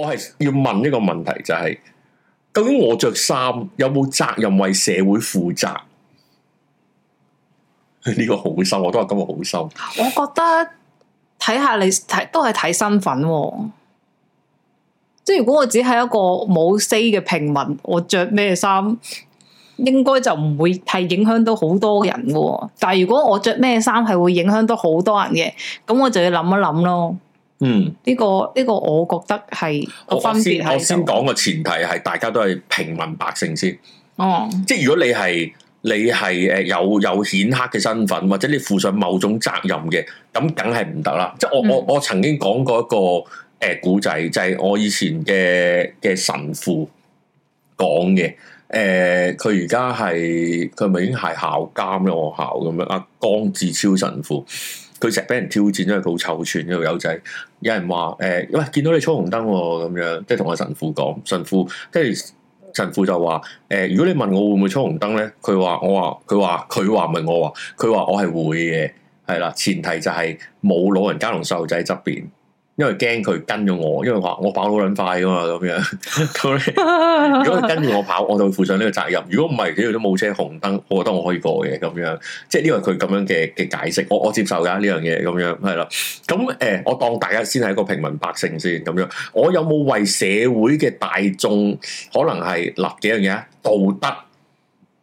我係要問一個問題，就係、是、究竟我着衫有冇責任為社會負責？呢 個好深，我都話今日好深。我覺得睇下你睇都係睇身份、哦，即係如果我只係一個冇 say 嘅平民，我着咩衫應該就唔會係影響到好多人嘅。但係如果我着咩衫係會影響到好多人嘅，咁我就要諗一諗咯。嗯，呢個呢個，這個，我覺得係、哦，我先就我先講個前提係大家都係平民百姓先，哦，即係如果你係你係誒有有顯赫嘅身份或者你負上某種責任嘅，咁梗係唔得啦。即係我我我曾經講過一個誒古仔，就係、是、我以前嘅嘅神父講嘅，誒佢而家係佢咪已經係校監嘅我學校咁樣啊，江志超神父。佢成日俾人挑戰，因為佢好臭串呢個友仔。有人話，誒，喂，見到你衝紅燈咁樣，即係同阿神父講。神父，跟住神父就話，誒，如果你問我會唔會衝紅燈咧？佢話：我話，佢話，佢話唔係我話，佢話我係會嘅，係啦，前提就係冇老人家同細路仔側邊。因為驚佢跟咗我，因為話我跑好撚快噶嘛，咁樣 你。如果佢跟住我跑，我就會負上呢個責任。如果唔係，只要都冇車紅燈，我覺得我可以過嘅，咁樣。即係呢個係佢咁樣嘅嘅解釋，我我接受噶呢樣嘢，咁樣係啦。咁誒、呃，我當大家先係一個平民百姓先，咁樣。我有冇為社會嘅大眾，可能係立幾樣嘢啊？道德、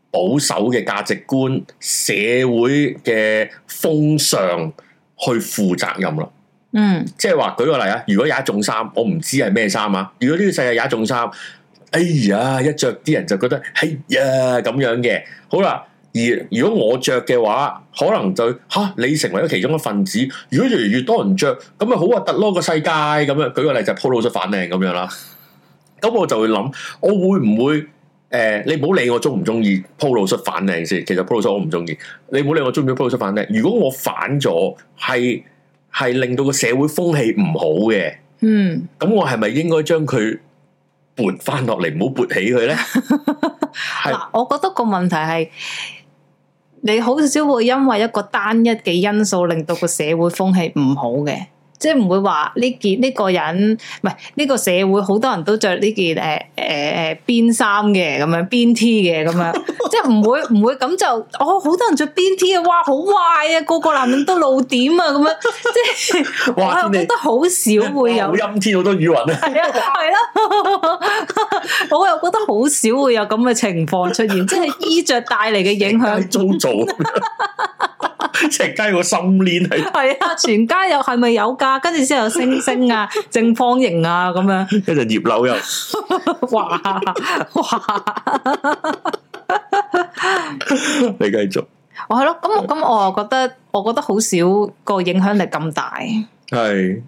保守嘅價值觀、社會嘅風尚，去負責任啦。嗯，即係話舉個例啊，如果有一種衫，我唔知係咩衫啊。如果呢個世界有一種衫，哎呀，一着啲人就覺得哎呀咁樣嘅。好啦，而如果我着嘅話，可能就吓你成為咗其中一份子。如果越嚟越多人着，咁咪好核突咯個世界咁樣。舉個例就鋪露出反靚咁樣啦。咁我就會諗，我會唔會誒？你唔好理我中唔中意鋪露出反靚先。其實鋪露出我唔中意，你唔好理我中唔中意鋪露出反靚。如果我反咗係。係令到個社會風氣唔好嘅，嗯，咁我係咪應該將佢撥翻落嚟，唔好撥起佢咧？嗱 是， 我覺得個問題係，你好少會因為一個單一嘅因素令到個社會風氣唔好嘅。即係唔會話呢件呢、呢個人唔係呢個社會好多人都着呢件誒誒誒邊衫嘅咁樣邊 T 嘅咁樣，即係唔會唔會咁就哦好多人着邊 T 啊，哇好壞啊，個個男人都露點啊咁樣，即係我又覺得好少會有陰天好多雨雲咧，係啊係咯、啊，我又覺得好少會有咁嘅情況出現，即係衣着帶嚟嘅影響，糟即成街個心 link 係係啊，全家又係咪有啊！跟住之後星星啊、 正方形啊咁樣，跟住葉柳又哇你繼續， 哇係咯，咁、 嗯嗯、我咁我啊覺得，我覺得好少個影響力咁大，係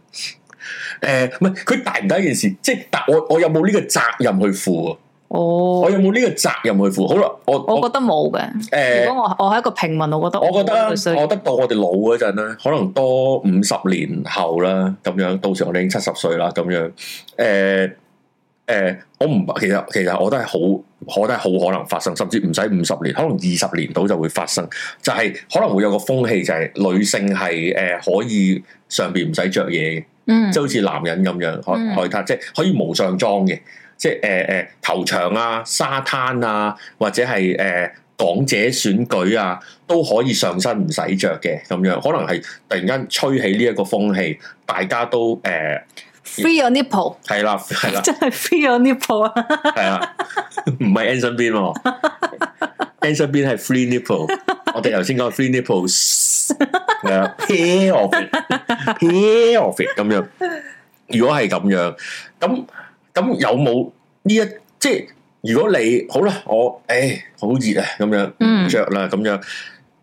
誒， 唔係佢大唔大件事，即係但我我有冇呢個責任去負啊？我、oh, 我有冇呢個責任去負？好啦，我我覺得冇嘅。誒、欸，如果我我係一個平民，我覺得我，我覺得我覺得到我哋老嗰陣咧，可能多五十年後啦，咁樣到時我哋已經七十歲啦，咁樣誒誒、欸欸，我唔其實其實我都係好，我都係好可能發生，甚至唔使五十年，可能二十年到就會發生，就係、是、可能會有個風氣，就係、是、女性係誒、呃嗯、可以上邊唔使着嘢，嗯，即係好似男人咁樣可、可以，即、就、係、是、可以無上裝嘅。即係誒、呃、誒，球場啊、沙灘啊，或者係誒、呃、港姐選舉啊，都可以上身唔使着嘅咁樣。可能係突然間吹起呢一個風氣，大家都誒、呃、，free nipple 係啦，係啦，真係 free nipple 啊！係啦，唔係 Angel 邊，Angel 邊係 free nipple。 我哋頭先講 free nipples 係啦，pair off it，pair off it 咁樣。如果係咁樣咁。t op 咁有冇呢一即係如果你好啦，我誒好熱啊，咁樣唔着啦，咁樣、嗯、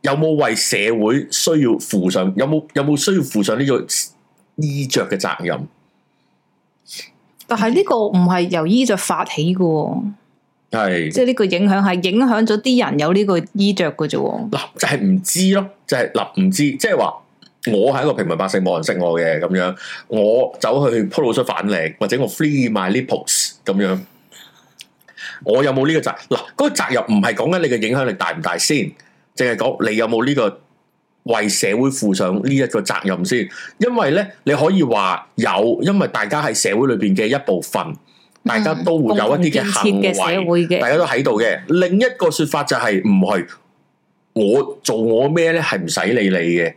有冇為社會需要負上有冇有冇需要負上呢個衣着嘅責任？但係呢個唔係由衣着發起嘅、哦，係即係呢個影響係影響咗啲人有呢個衣着嘅啫。嗱就係唔知咯，就係嗱唔知，即係話。我係一個平民百姓，冇人識我嘅咁樣，我走去 p u 出反力，或者我 free my nipples 咁樣，我有冇呢個責？嗱，嗰、嗰個責任唔係講緊你嘅影響力大唔大先，淨係講你有冇呢個為社會負上呢一個責任先。因為咧，你可以話有，因為大家係社會裏邊嘅一部分，大家都會有一啲嘅行為，嗯、社會大家都喺度嘅。另一個說法就係唔係我做我咩咧，係唔使理你嘅。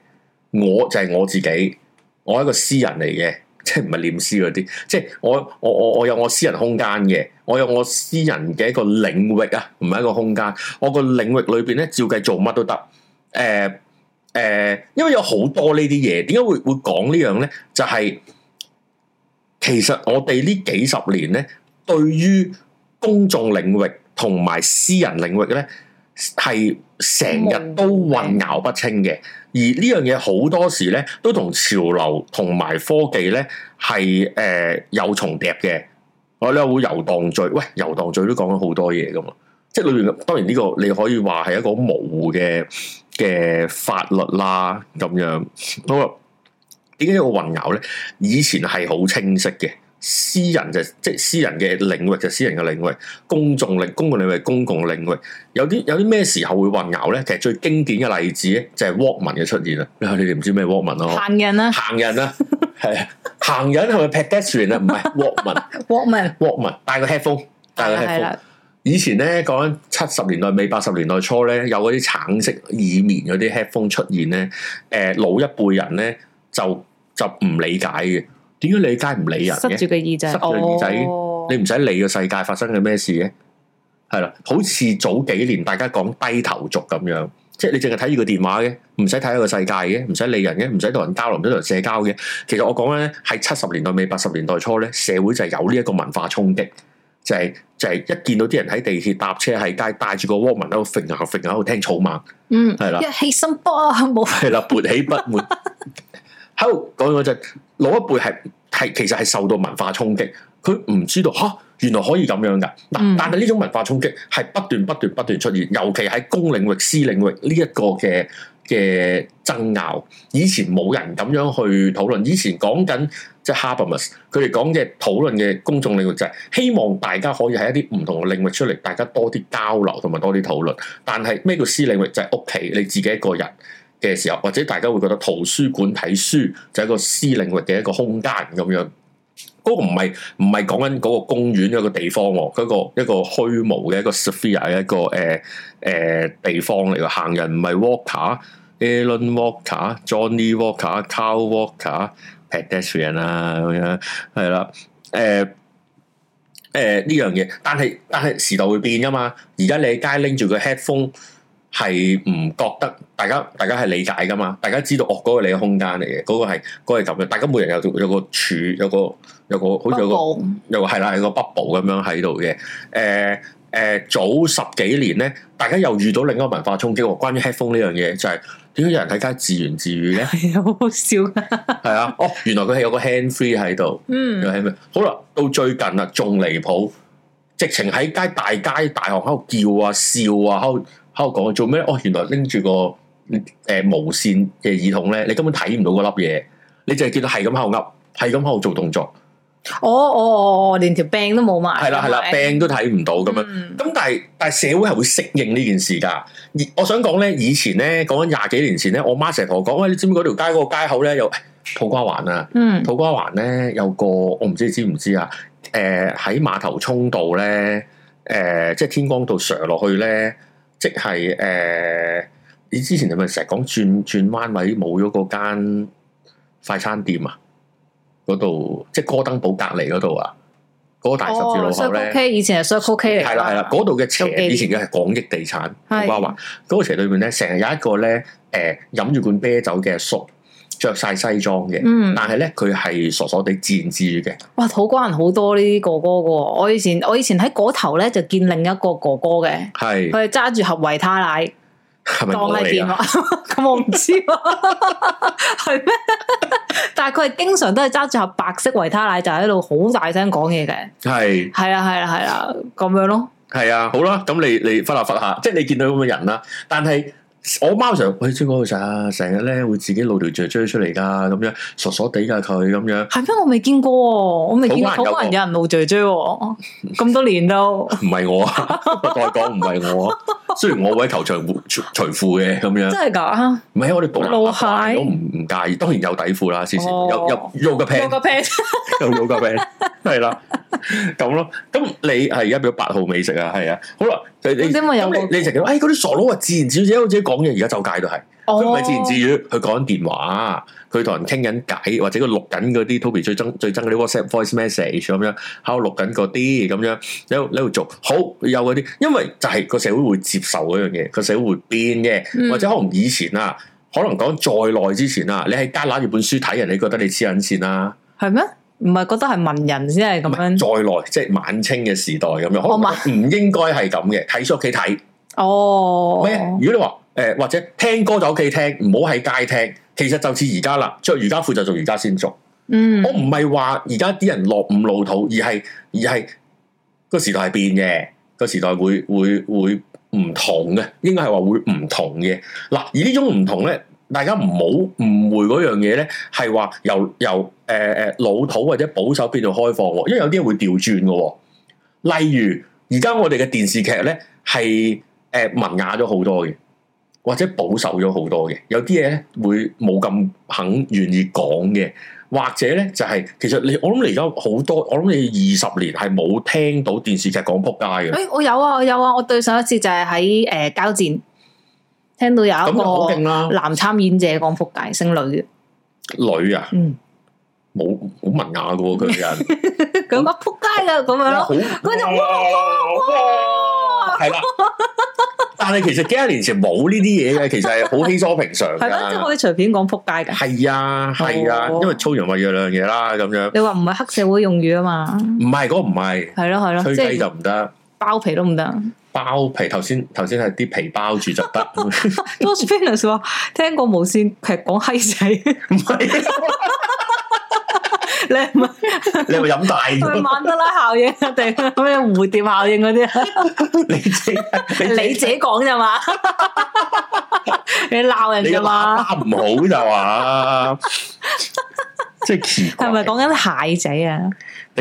我就係我自己，我係一個私人嚟嘅，即係唔係念詩嗰啲，即係我我我我有我私人空間嘅，我有我私人嘅一個領域啊，唔係一個空間，我個領域裏邊咧照計做乜都得，誒、呃、誒、呃，因為有好多呢啲嘢，點解會會講樣呢樣咧？就係、是、其實我哋呢幾十年咧，對於公眾領域同埋私人領域咧，係成日都混淆不清嘅。而呢樣嘢好多時咧，都同潮流同埋科技咧係誒有重疊嘅，我哋又會遊蕩罪。喂，遊蕩罪都講咗好多嘢㗎嘛，即係裏面當然呢個你可以話係一個模糊嘅嘅法律啦咁樣。好啦，嗰個，點解一個混淆咧？以前係好清晰嘅。私人就是、即係私人嘅領域就私人嘅領域，公眾領公共領域公共領域，有啲有啲咩時候會混淆咧？其實最經典嘅例子就係 walkman 嘅出現啦、哎。你哋唔知咩 walkman 咯、啊？行人啊？行人啊？係 行人係咪 pedestrian 啊？唔係 walkman walkman walkman 戴個 headphone，戴個 headphone。的以前咧講緊七十年代、尾、八十年代初咧，有嗰啲橙色耳棉嗰啲 headphone 出現咧，誒，老一輩人咧就就唔理解嘅。點解你街唔理人，塞住個耳仔，塞住耳仔，你唔使理個世界發生緊咩事嘅。係啦，好似早幾年大家講低頭族咁樣，即係你淨係睇住個電話嘅，唔使睇個世界嘅，唔使理人嘅，唔使同人交流唔使同人社交嘅。其實我講緊咧，喺七十年代尾八十年代初咧，社會就係有呢一個文化衝擊，就係就係一見到啲人喺地鐵搭車喺街帶住個 Walkman 喺度揈下揈下喺度聽草蜢，嗯，係啦，一起心波冇，係啦，撥起不滿。喺度講嗰陣，老一輩係係其實係受到文化衝擊，佢唔知道嚇、啊、原來可以咁樣噶。嗱，但係呢種文化衝擊係不斷不斷不斷，不斷出現，尤其喺公領域、私領域呢一個嘅嘅爭拗，以前冇人咁樣去討論。以前講緊即係、就是、Habermas，佢哋講嘅討論嘅公眾領域就係希望大家可以喺一啲唔同嘅領域出嚟，大家多啲交流同埋多啲討論。但係咩叫私領域？就係屋企你自己一個人，嘅時候，或者大家會覺得圖書館睇書就係、是、個私領域嘅一個空間咁樣。嗰個唔係唔係講緊嗰個公園一個地方喎，嗰個一個虛無嘅一個 sphere 嘅一個誒誒、呃呃、地方嚟㗎。行人唔係 walker，Alan Walker，Johnny Walker，Kyle Walker，pedestrian 啊咁樣，係啦，誒誒呢樣嘢。但係但係時代會變㗎嘛。而家你喺街拎住個 headphone。係唔覺得大？大家大家係理解噶嘛？大家知道哦，嗰、嗰個你嘅空間嚟嘅，嗰、嗰個係嗰係咁嘅。大家每人有有個柱，有個有個好似有個有個係啦，有個，個，個，個 bubble 咁樣喺度嘅。誒、呃、誒、呃，早十幾年咧，大家又遇到另一個文化衝擊喎。關於 headphone 呢樣嘢、就係，就係點解有人喺街自言自語咧？係好好笑。， 係啊，哦，原來佢係有個 hand free 喺度。嗯，又係咩？好啦，到最近啦，仲離譜，直情喺街大街大巷喺度叫啊笑啊。我講做咩？哦，原來拎住個誒、呃、無線嘅耳筒咧，你根本睇唔到嗰粒嘢，你淨係見到係咁喺度噏，係咁喺度做動作。哦哦哦哦，連條 band 都冇埋。係啦係啦，band 都睇唔到咁樣。咁但係但係社會係會適應呢件事噶。而我想講咧，以前咧講緊廿幾年前咧，我媽成日同我講，喂、哎，你知唔知嗰條街嗰、嗰個街口咧有土瓜灣啊？嗯、哎，土瓜灣咧、啊嗯、有個我唔知你知唔知啊？誒、呃，喺馬頭涌道咧，誒、呃，即係天光道斜落去咧。呢即係誒、呃，你之前係咪成日講轉轉彎位冇咗嗰間快餐店啊？嗰度即係哥登堡隔離嗰度啊，嗰、嗰個大十字路口咧。哦、OK，以前係、OK、Sugar K 嚟。係啦係啦，嗰度嘅斜以前嘅係廣益地產唔怪話，嗰的、嗰個斜裏面咧成日有一個咧誒、呃、飲住罐啤酒嘅叔。着晒西裝嘅，但係咧佢係傻傻地自言自語嘅。哇，土瓜灣好多呢啲哥哥嘅，我以前我以前喺嗰頭咧就見另一個哥哥嘅，係佢係揸住盒維他奶係咪我當係電話，咁 我唔知，係咩 是嗎？ 但係佢係經常都係揸住盒白色維他奶就喺度好大聲講嘢嘅，係係是啊係啊係啊咁樣咯，係啊好啦、啊，咁你你忽下忽下，即係你見到咁嘅人啦，但係。我貓成，日去香港成日成日咧會自己露條雀雀出嚟噶，咁樣傻傻地噶佢咁樣。係咩？我未見過，我未見過好多人有人露雀雀。咁 多年都唔係我， 不再講唔係我。雖然我會喺球場除除褲嘅咁樣。真係噶？唔係我哋補鞋都唔唔介意。當然有底褲啦，先先、哦、有有有，有，有個 pair，個 pair，有有個 pair。 係啦，咁 咯，咁你係而家畀咗八號美食啊，係啊，好啦，知你咁你你成日講，哎，嗰啲、欸、傻佬啊，自然小姐好似講嘢，而家就界都係，佢唔係自言自語，佢講緊電話，佢同人傾緊偈，或者佢錄緊嗰啲 t o 最憎最憎啲 WhatsApp voice message 咁樣，喺度錄緊嗰啲咁樣，喺度喺度做，好有嗰啲，因為就係個社會會接受嗰樣嘢，個社會會變嘅，嗯、或者可能以前啊，可能講再耐之前啊，你喺加拿住本書睇，人你覺得你黐緊線啦，係咩？唔係覺得係文人先係咁樣，再嚟即係晚清嘅時代咁樣，可能唔應該係咁嘅，睇書屋企睇哦。咩，如果你話誒、呃、或者聽歌就屋企聽，唔好喺街聽。其實就似而家啦，着瑜伽褲就做瑜伽先做。嗯，mm. 我唔係話而家啲人落唔老土，而係而係個時代係變嘅，個時代會會會唔同嘅，應該係話會唔同嘅。嗱，而種呢種唔同咧。大家唔好誤會嗰樣嘢咧，係話由由誒誒、呃、老土或者保守變做開放喎，因為有啲嘢會調轉嘅。例如而家我哋嘅電視劇咧係誒文雅咗好多嘅，或者保守咗好多嘅，有啲嘢咧會冇咁肯願意講嘅，或者咧就係、是、其實你我諗你而家好多，我諗你二十年係冇聽到電視劇講仆街嘅。誒、欸，我有啊，我有啊，我對上一次就係喺誒交戰。聽到有一個男參演者講扑街姓女嘅，女啊，嗯，冇冇文雅嘅喎，佢嘅咁咪扑街噶咁樣咯哇，係啦，但係其實幾多年前冇呢啲嘢嘅，其實好稀疏平常，係即係可以隨便講扑街噶係啊，係啊，因為粗言穢語兩樣嘢啦，咁樣你話唔係黑社會用語啊嘛，唔係嗰個唔係，係咯係咯，吹雞就唔得。包皮都唔得，包皮頭先頭先係啲皮包住就得。Dorsten 話聽過無線劇講閪仔，唔係你係咪飲大咗？曼德拉效應定咩蝴蝶效應嗰啲啊？你 你自己講咋 嘛？ 你鬧人咋嘛？你唔好就話，即係奇。係咪講緊蟹仔啊？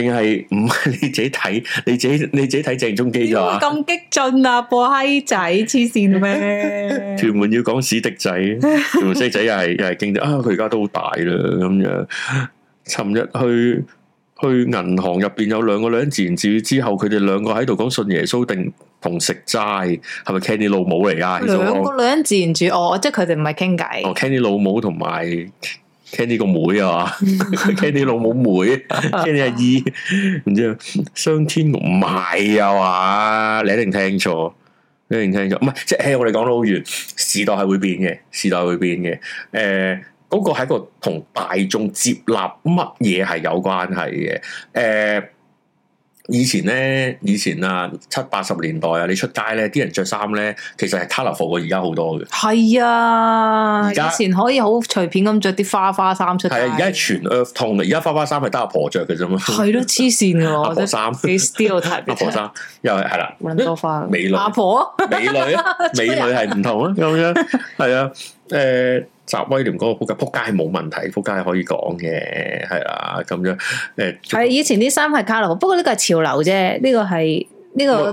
定係唔係你自己睇你自己你自己睇鄭中基咋？咁激進啊，波閪仔，黐線咩？ 屯門要講史迪仔，屯門西仔又係又係勁啲啊！佢而家都好大啦，咁樣。尋日去去銀行入邊有兩個女人自言自語之後，佢哋兩個喺度講信耶穌定同食齋，係咪 Canny 老母嚟啊？兩個女人自言自語，哦，即係佢哋唔係傾偈，哦，Canny 老母同埋。聽啲個妹啊，嘛，聽啲老母妹，聽啲阿姨，唔 知啊，上天唔係啊嘛，你一定聽錯，你一定聽錯，唔係即係我哋講得好遠，時代係會變嘅，時代會變嘅，誒、呃，嗰、那個係一個同大眾接納乜嘢係有關係嘅，誒、呃。以前咧，以前啊，七八十年代啊，你出街咧，啲人着衫咧，其實係 tall 服過而家好多嘅。係啊，在以前可以好隨便咁着啲花花衫出街。係啊，而家全 e a r 而家花花衫係得阿婆着嘅啫嘛。係咯，黐線嘅喎，阿衫 衣。still 啊衣，阿婆衫又係係啦，蘭多花美女，阿婆美女、啊、 人美女係唔同啊，咁樣係啊，誒。 集威廉嗰個仆街，仆街係冇問題，仆街係可以講嘅，係啦咁樣。誒、欸，係以前啲衫係卡流，不過呢個係潮流啫，呢、這個係呢、這個，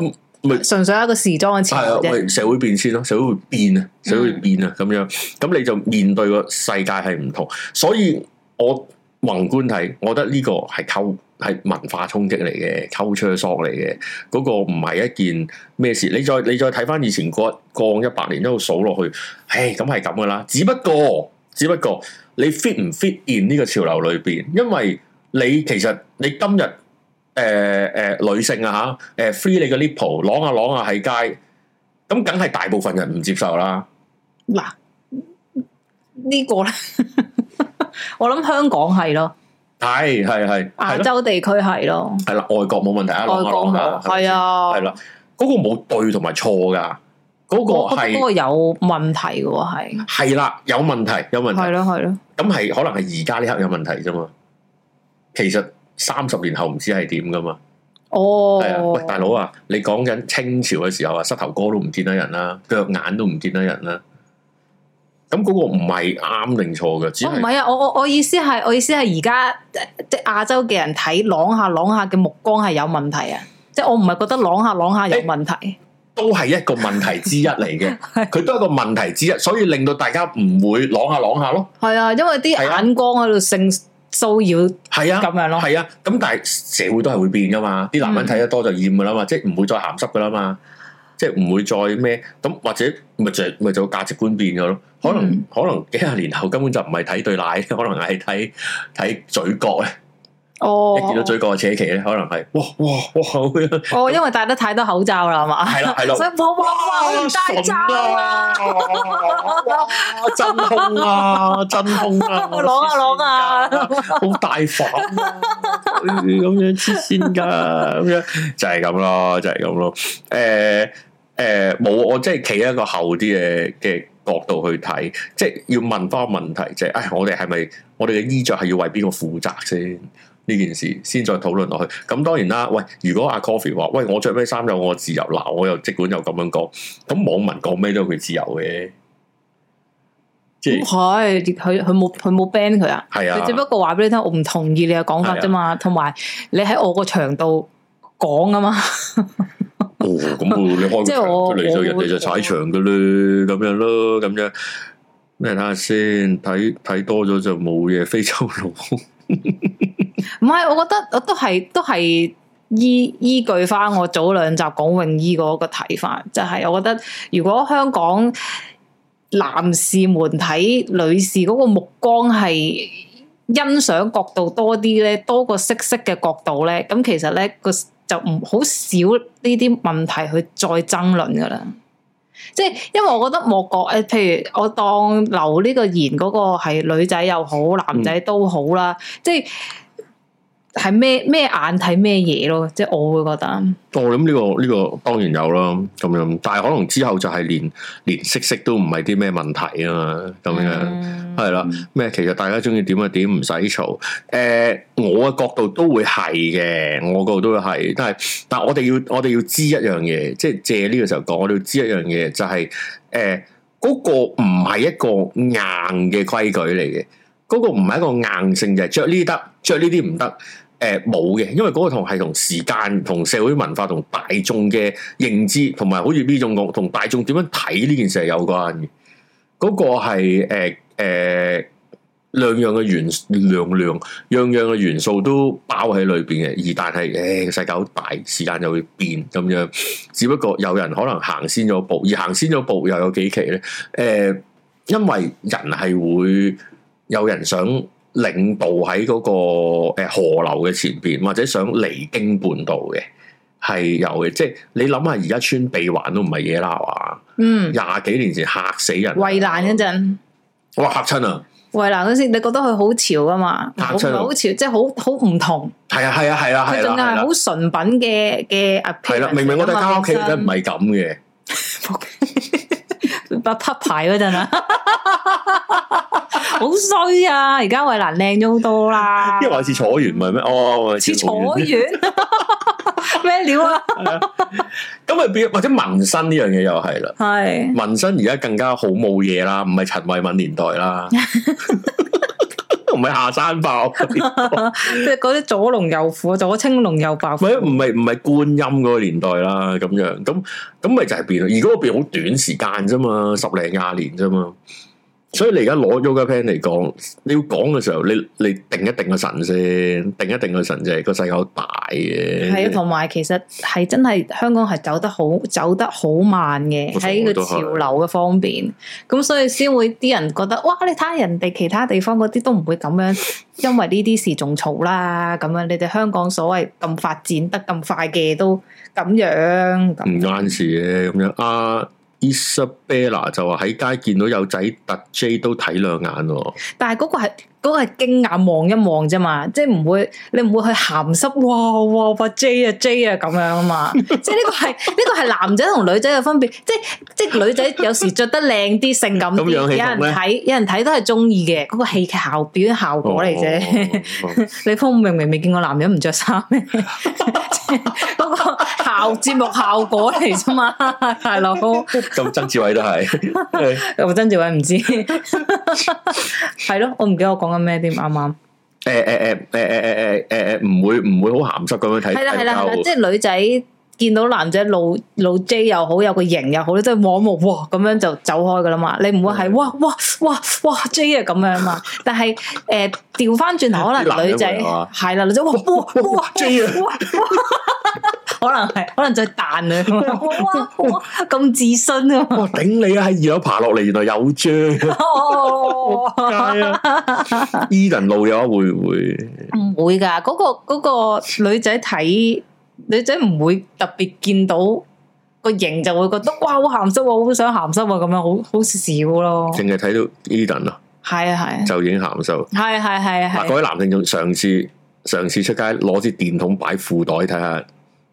咪純粹係一個時裝嘅潮流啫。社會變遷咯，社會會變啊，社會會變啊，咁、嗯、樣，咁你就面對個世界係唔同，所以我宏觀睇，我覺得呢個係溝。係文化衝擊嚟嘅，culture shock 嚟嘅，嗰、那個唔係一件咩事？你再你再睇翻以前嗰一、過一，過一百年一路數落去，唉、哎，咁係咁噶啦。只不過，只不過你 fit 唔 fit in 呢個潮流裏邊？因為你其實你今日誒誒，女性啊吓，誒、呃、，free 你個 nipple，啷吓啷吓，喺街，咁梗係大部分人唔接受啦。嗱個，呢個咧，我諗香港係咯。係係係，亞洲地區係咯，係啦，外國冇問題啊，外國冇，係啊，係啦，嗰個冇對同埋錯噶，嗰個係嗰個有問題嘅，係係啦有問題，有問題，係咯係咯，咁係可能係而家呢刻有問題啫嘛，其實三十年後唔知係點噶嘛，哦，係啊，喂大佬啊，你講緊清朝嘅時候啊，膝頭哥都唔見得人啦，腳眼都唔見得人啦。咁嗰個唔係啱定錯嘅，只係唔係啊！我我我意思係，我意思係而家啲亞洲嘅人睇朗下朗下嘅目光係有問題啊！即係我唔係覺得朗下朗下有問題，都係一個問題之一嚟嘅，佢都係一個問題之一，所以令到大家唔會朗下朗下咯。係啊，因為啲眼光喺度性騷擾，係啊，咁樣咯，係啊。咁但係社會都係會變噶嘛，啲男人睇得多就厭噶啦嘛，即係唔會再鹹濕噶啦嘛。即係唔會再咩咁，或者咪著咪就係就係，價值觀變咗咯。可能，嗯、可能幾廿年後根本就唔係睇對奶，可能係睇睇嘴角咧。哦，你、oh, wow. 見到最嗰嘅扯旗咧，可能係哇哇哇好！哦， 因為戴得太多口罩啦，係嘛？係啦係啦，哇哇哇，唔戴罩哇啊！ 真空啊，真空啊，攞啊攞啊，好大範咁、啊 哎、樣黐線噶，咁樣就係咁咯，就係咁咯。誒、就、誒、是，冇、就是呃呃，我即係企喺一個厚啲嘅嘅角度去睇，即係要問翻個問題，就係誒，我哋係咪我哋嘅衣着係要為邊個負責先？呢件事先再討論落去。咁當然啦，喂，如果阿 Coffee 話：「喂，我着咩衫有我自由，嗱，我又即管又咁樣講。咁網民講咩都佢自由嘅，即係佢佢冇佢冇 ban 佢啊。係啊，只不過話俾你聽，我唔同意你嘅講法啫嘛。同埋你喺我個場度講啊嘛。哦，咁啊，你開即係我我嚟到人哋就踩場嘅啦，咁樣咯，咁樣咩？睇下先，睇睇多咗就冇嘢，非洲佬。 唔係，我覺得我都係都係依依據翻我早兩集講泳衣嗰個睇法，就係、是、我覺得如果香港男士們睇女士嗰個目光係欣賞角度多啲咧，多過色色嘅角度咧，咁其實咧個就唔好少呢啲問題去再爭論噶啦。即係因為我覺得我覺誒，譬如我當留呢個言嗰個係女仔又好，男仔都好啦，嗯、即係。係咩咩眼睇咩嘢咯？即係我會覺得我、這個，我諗呢個呢個當然有啦，咁樣。但係可能之後就係連連色色都唔係啲咩問題啊，咁樣係、嗯、啦。咩？其實大家中意點就點，唔使嘈。誒、呃，我嘅角度都會係嘅，我角度都會係。但係但係我哋要我哋要知一樣嘢，即係借呢個時候講，我哋要知一樣嘢就係、是，誒、呃，嗰、那個唔係一個硬嘅規矩嚟嘅，嗰、那個唔係一個硬性，嘅、就是。着呢啲得，着呢啲唔得。誒，冇嘅，呃，因為嗰個同係同時間、同社會文化、同大眾嘅認知，同埋好似呢種講，同大眾點樣睇呢件事係有關嘅。嗰、那個係誒誒，呃呃，兩樣嘅元素，樣樣樣樣嘅元素都包喺裏邊嘅。而但係，誒、哎，世界好大，時間就會變咁樣。只不過有人可能行先咗步，而行先咗步又有幾期咧？誒、呃，因為人係會有人想。領導喺嗰個誒河流嘅前邊，或者想離經叛道嘅係有嘅，即係你諗下而家穿臍環都唔係嘢啦，係嘛？嗯，廿幾年前吓死人，衛蘭嗰陣，我話吓親啊！衛蘭嗰時你覺得佢好潮啊嘛？吓親，好潮，即係好好唔同。係啊係啊係啦係啦，仲係好純品嘅嘅啊！係啦，明明，明我哋間屋企都唔係咁嘅。 八匹牌嗰陣啊，好衰、哦、坐 事啊！而家衛蘭靚咗好多啦，因為似楚原咪咩哦，似楚原咩料啊？咁啊變或者紋身呢樣嘢又係啦，係紋身而家更加好冇嘢啦，唔係陳慧敏年代啦。 唔係下山爆， 即係嗰啲左龍右虎，左青龍右白虎。唔係唔係唔係觀音嗰個年代啦，咁樣咁咁咪就係變啦。而嗰個變好短時間啫嘛，十零廿年啫嘛。所以你而家攞咗個 yoga pant 嚟講，你要講嘅時候，你你定一定個神先，定一定個神啫，個世界好大嘅。係啊，同埋其實係真係香港係走得好，走得好慢嘅，喺個潮流嘅方面。咁所以先會啲人覺得，哇！你睇下人哋其他地方嗰啲都唔會咁樣，因為呢啲事仲嘈啦。咁樣你哋香港所謂咁發展得咁快嘅都咁樣，唔關事嘅咁樣啊。Isabella 就話喺街見到有仔特 J 都睇兩眼，但係嗰個係嗰個係驚眼望一望啫嘛，即係唔會你唔會去鹹濕哇哇把 J 啊 J 啊咁樣啊嘛，即係呢個係呢個係男仔同女仔嘅分別，即係即係女仔有時著得靚啲、性感啲，有人睇有人睇都係中意嘅，嗰個戲劇效表演效果嚟啫。你明明未見過男人唔著衫咩？嗰個效節目效果嚟啫嘛，大佬哥。咁曾志偉都係，我曾志偉唔知。係咯，我唔記得我講。咩啲啱啱？誒誒誒誒誒誒誒誒誒誒唔會唔會好鹹濕咁樣睇？係啦係啦係啦，即係女仔見到男仔老老 J 又好，有個型又好咧，都係望冇望咁樣就走開噶啦嘛。你唔會係哇哇哇哇 J 啊咁樣嘛？但係誒調翻轉頭可能女仔係啦，女仔哇哇 J 啊！可能係，可能就係彈啊！哇，咁自信啊！頂 你啊！喺二樓爬落嚟，原來有張。係啊 ，Eden 路有啊，會唔會？唔會噶，嗰、嗰個、嗰個女仔睇女仔唔會特別見到個型，就會覺得哇好鹹濕，好想鹹濕、e、啊，啊！咁樣好好少咯。淨係睇到 Eden 啊，係啊係，就影鹹濕。係係係係。嗱，嗰位男性仲上次上次出街攞支電筒擺褲袋睇下。看看。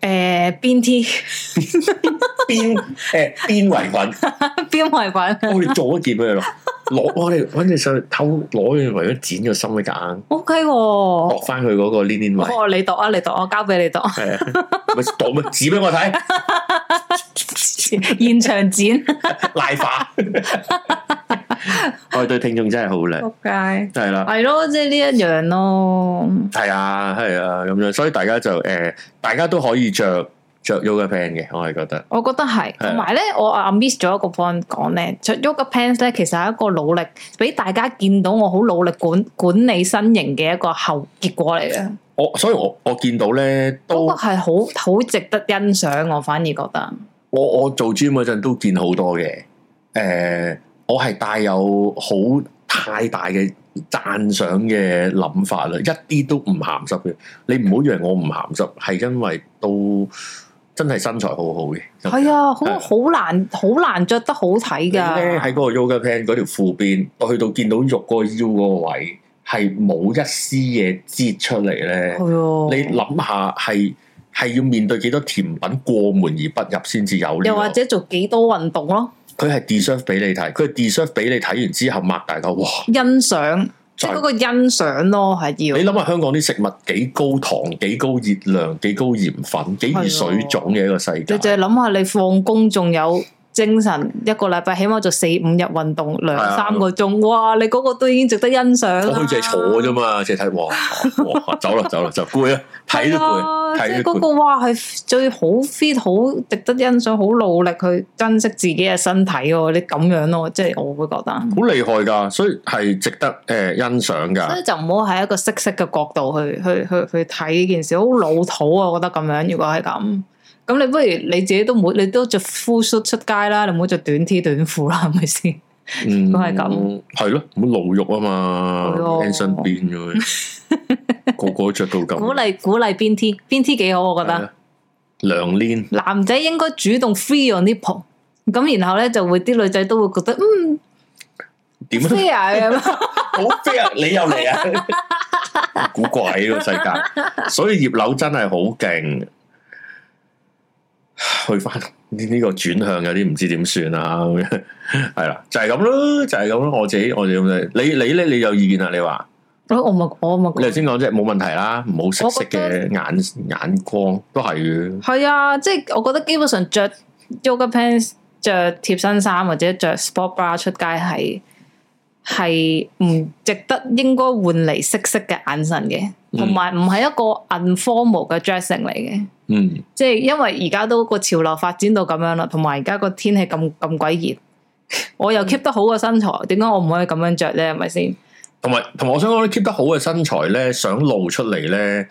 誒，邊天邊邊誒邊圍裙，邊圍裙。我哋、oh, 做一件咩咯？攞我哋，我哋想偷攞佢圍裙剪個心喺夾 O K，學翻佢嗰個黏黏圍。OK、你奪啊，你奪，我交俾你奪。係咪奪咪紙俾我睇？現場剪，拉花。我哋對聽眾真係好靚。O K，係啦，係咯，即係呢一樣咯。係、yes? 啊，係啊，咁樣，所以大家就誒。大家都可以着着 yoga pants 嘅，我係覺得，我覺得係，同埋咧，我阿 miss 咗一個 point 講咧，着 yoga pants 咧，其實係一個努力，俾大家見到我好努力管管理身形嘅一個後結果嚟嘅。我所以我我見到咧，都係好好值得欣賞，我反而覺得我。我我做 gym 嗰陣都見好多嘅，誒、呃，我係帶有好太大嘅。讚賞嘅諗法啦，一啲都唔咸濕嘅。你唔好以為我唔咸濕，係因為都真係身材好好嘅。係啊，好好，嗯、難好難着得好睇噶。喺嗰個 Yoga Pants 嗰條褲邊，我去到見到肉個腰嗰個位，係冇一絲嘢擠出嚟咧。係，啊、你諗下，係係要面對幾多甜品過門而不入先至有，這個？又或者做幾多運動咯？佢係 describe 俾你睇，佢係 describe 俾你睇完之後，擘大個哇，欣賞，係嗰個欣賞咯，係要。你諗下香港啲食物幾高糖、幾高熱量、幾高鹽分、幾易水腫嘅一個世界。想想你淨係諗下你放工仲有。精神，一個禮拜起碼做四五日運動兩三個鐘，哎、呀哇！你嗰個都已經值得欣賞，佢淨係坐啫嘛，淨係睇，哇！走啦 走啦，就攰啦，睇都攰。哎、呀都即嗰、那個哇，係最好 fit，好值得欣賞，好努力去珍惜自己嘅身體喎、啊。你咁樣咯、啊，即係我會覺得好厲害噶，所以係值得誒、呃、欣賞噶。所以就唔好喺一個色色嘅角度去去去去睇件事，好老土啊！我覺得咁樣，如果係咁。咁你不如你自己都唔好，你都着 full suit 出街啦，你唔好着短 T 短褲啦，係咪先？嗯，都係咁，係咯，唔好露肉啊嘛，變身邊啫，個個着到咁。鼓勵鼓勵邊 T 邊 T 幾好，我覺得涼鏈男仔應該主動 free on 啲旁，咁然後咧就會啲女仔都會覺得嗯點樣？free 啊，好 free 啊，你又嚟啊？古怪個世界，所以葉劉真係好勁。去翻呢個轉向有啲唔知點算啊，咁樣係啦，就係咁咯，就係咁咯。我自己我點咧？你你咧？你有意見啊？你話我我我咪你頭先講啫，冇問題啦，唔好色色嘅眼眼光都係嘅。係啊，即係我覺得基本上着 yoga pants，着貼身衫或者着 sport bra 出街係係唔值得應該換嚟，色色嘅眼神嘅，同埋唔係一個 informal 嘅 dressing 嚟嘅。嗯，即係因為而家都個潮流發展到咁樣啦，同埋而家個天氣咁咁鬼熱，我又 keep 得好個身材，點解我唔可以咁樣着咧？係咪先？同埋同埋，我想講 keep 得好嘅身材咧，想露出嚟咧，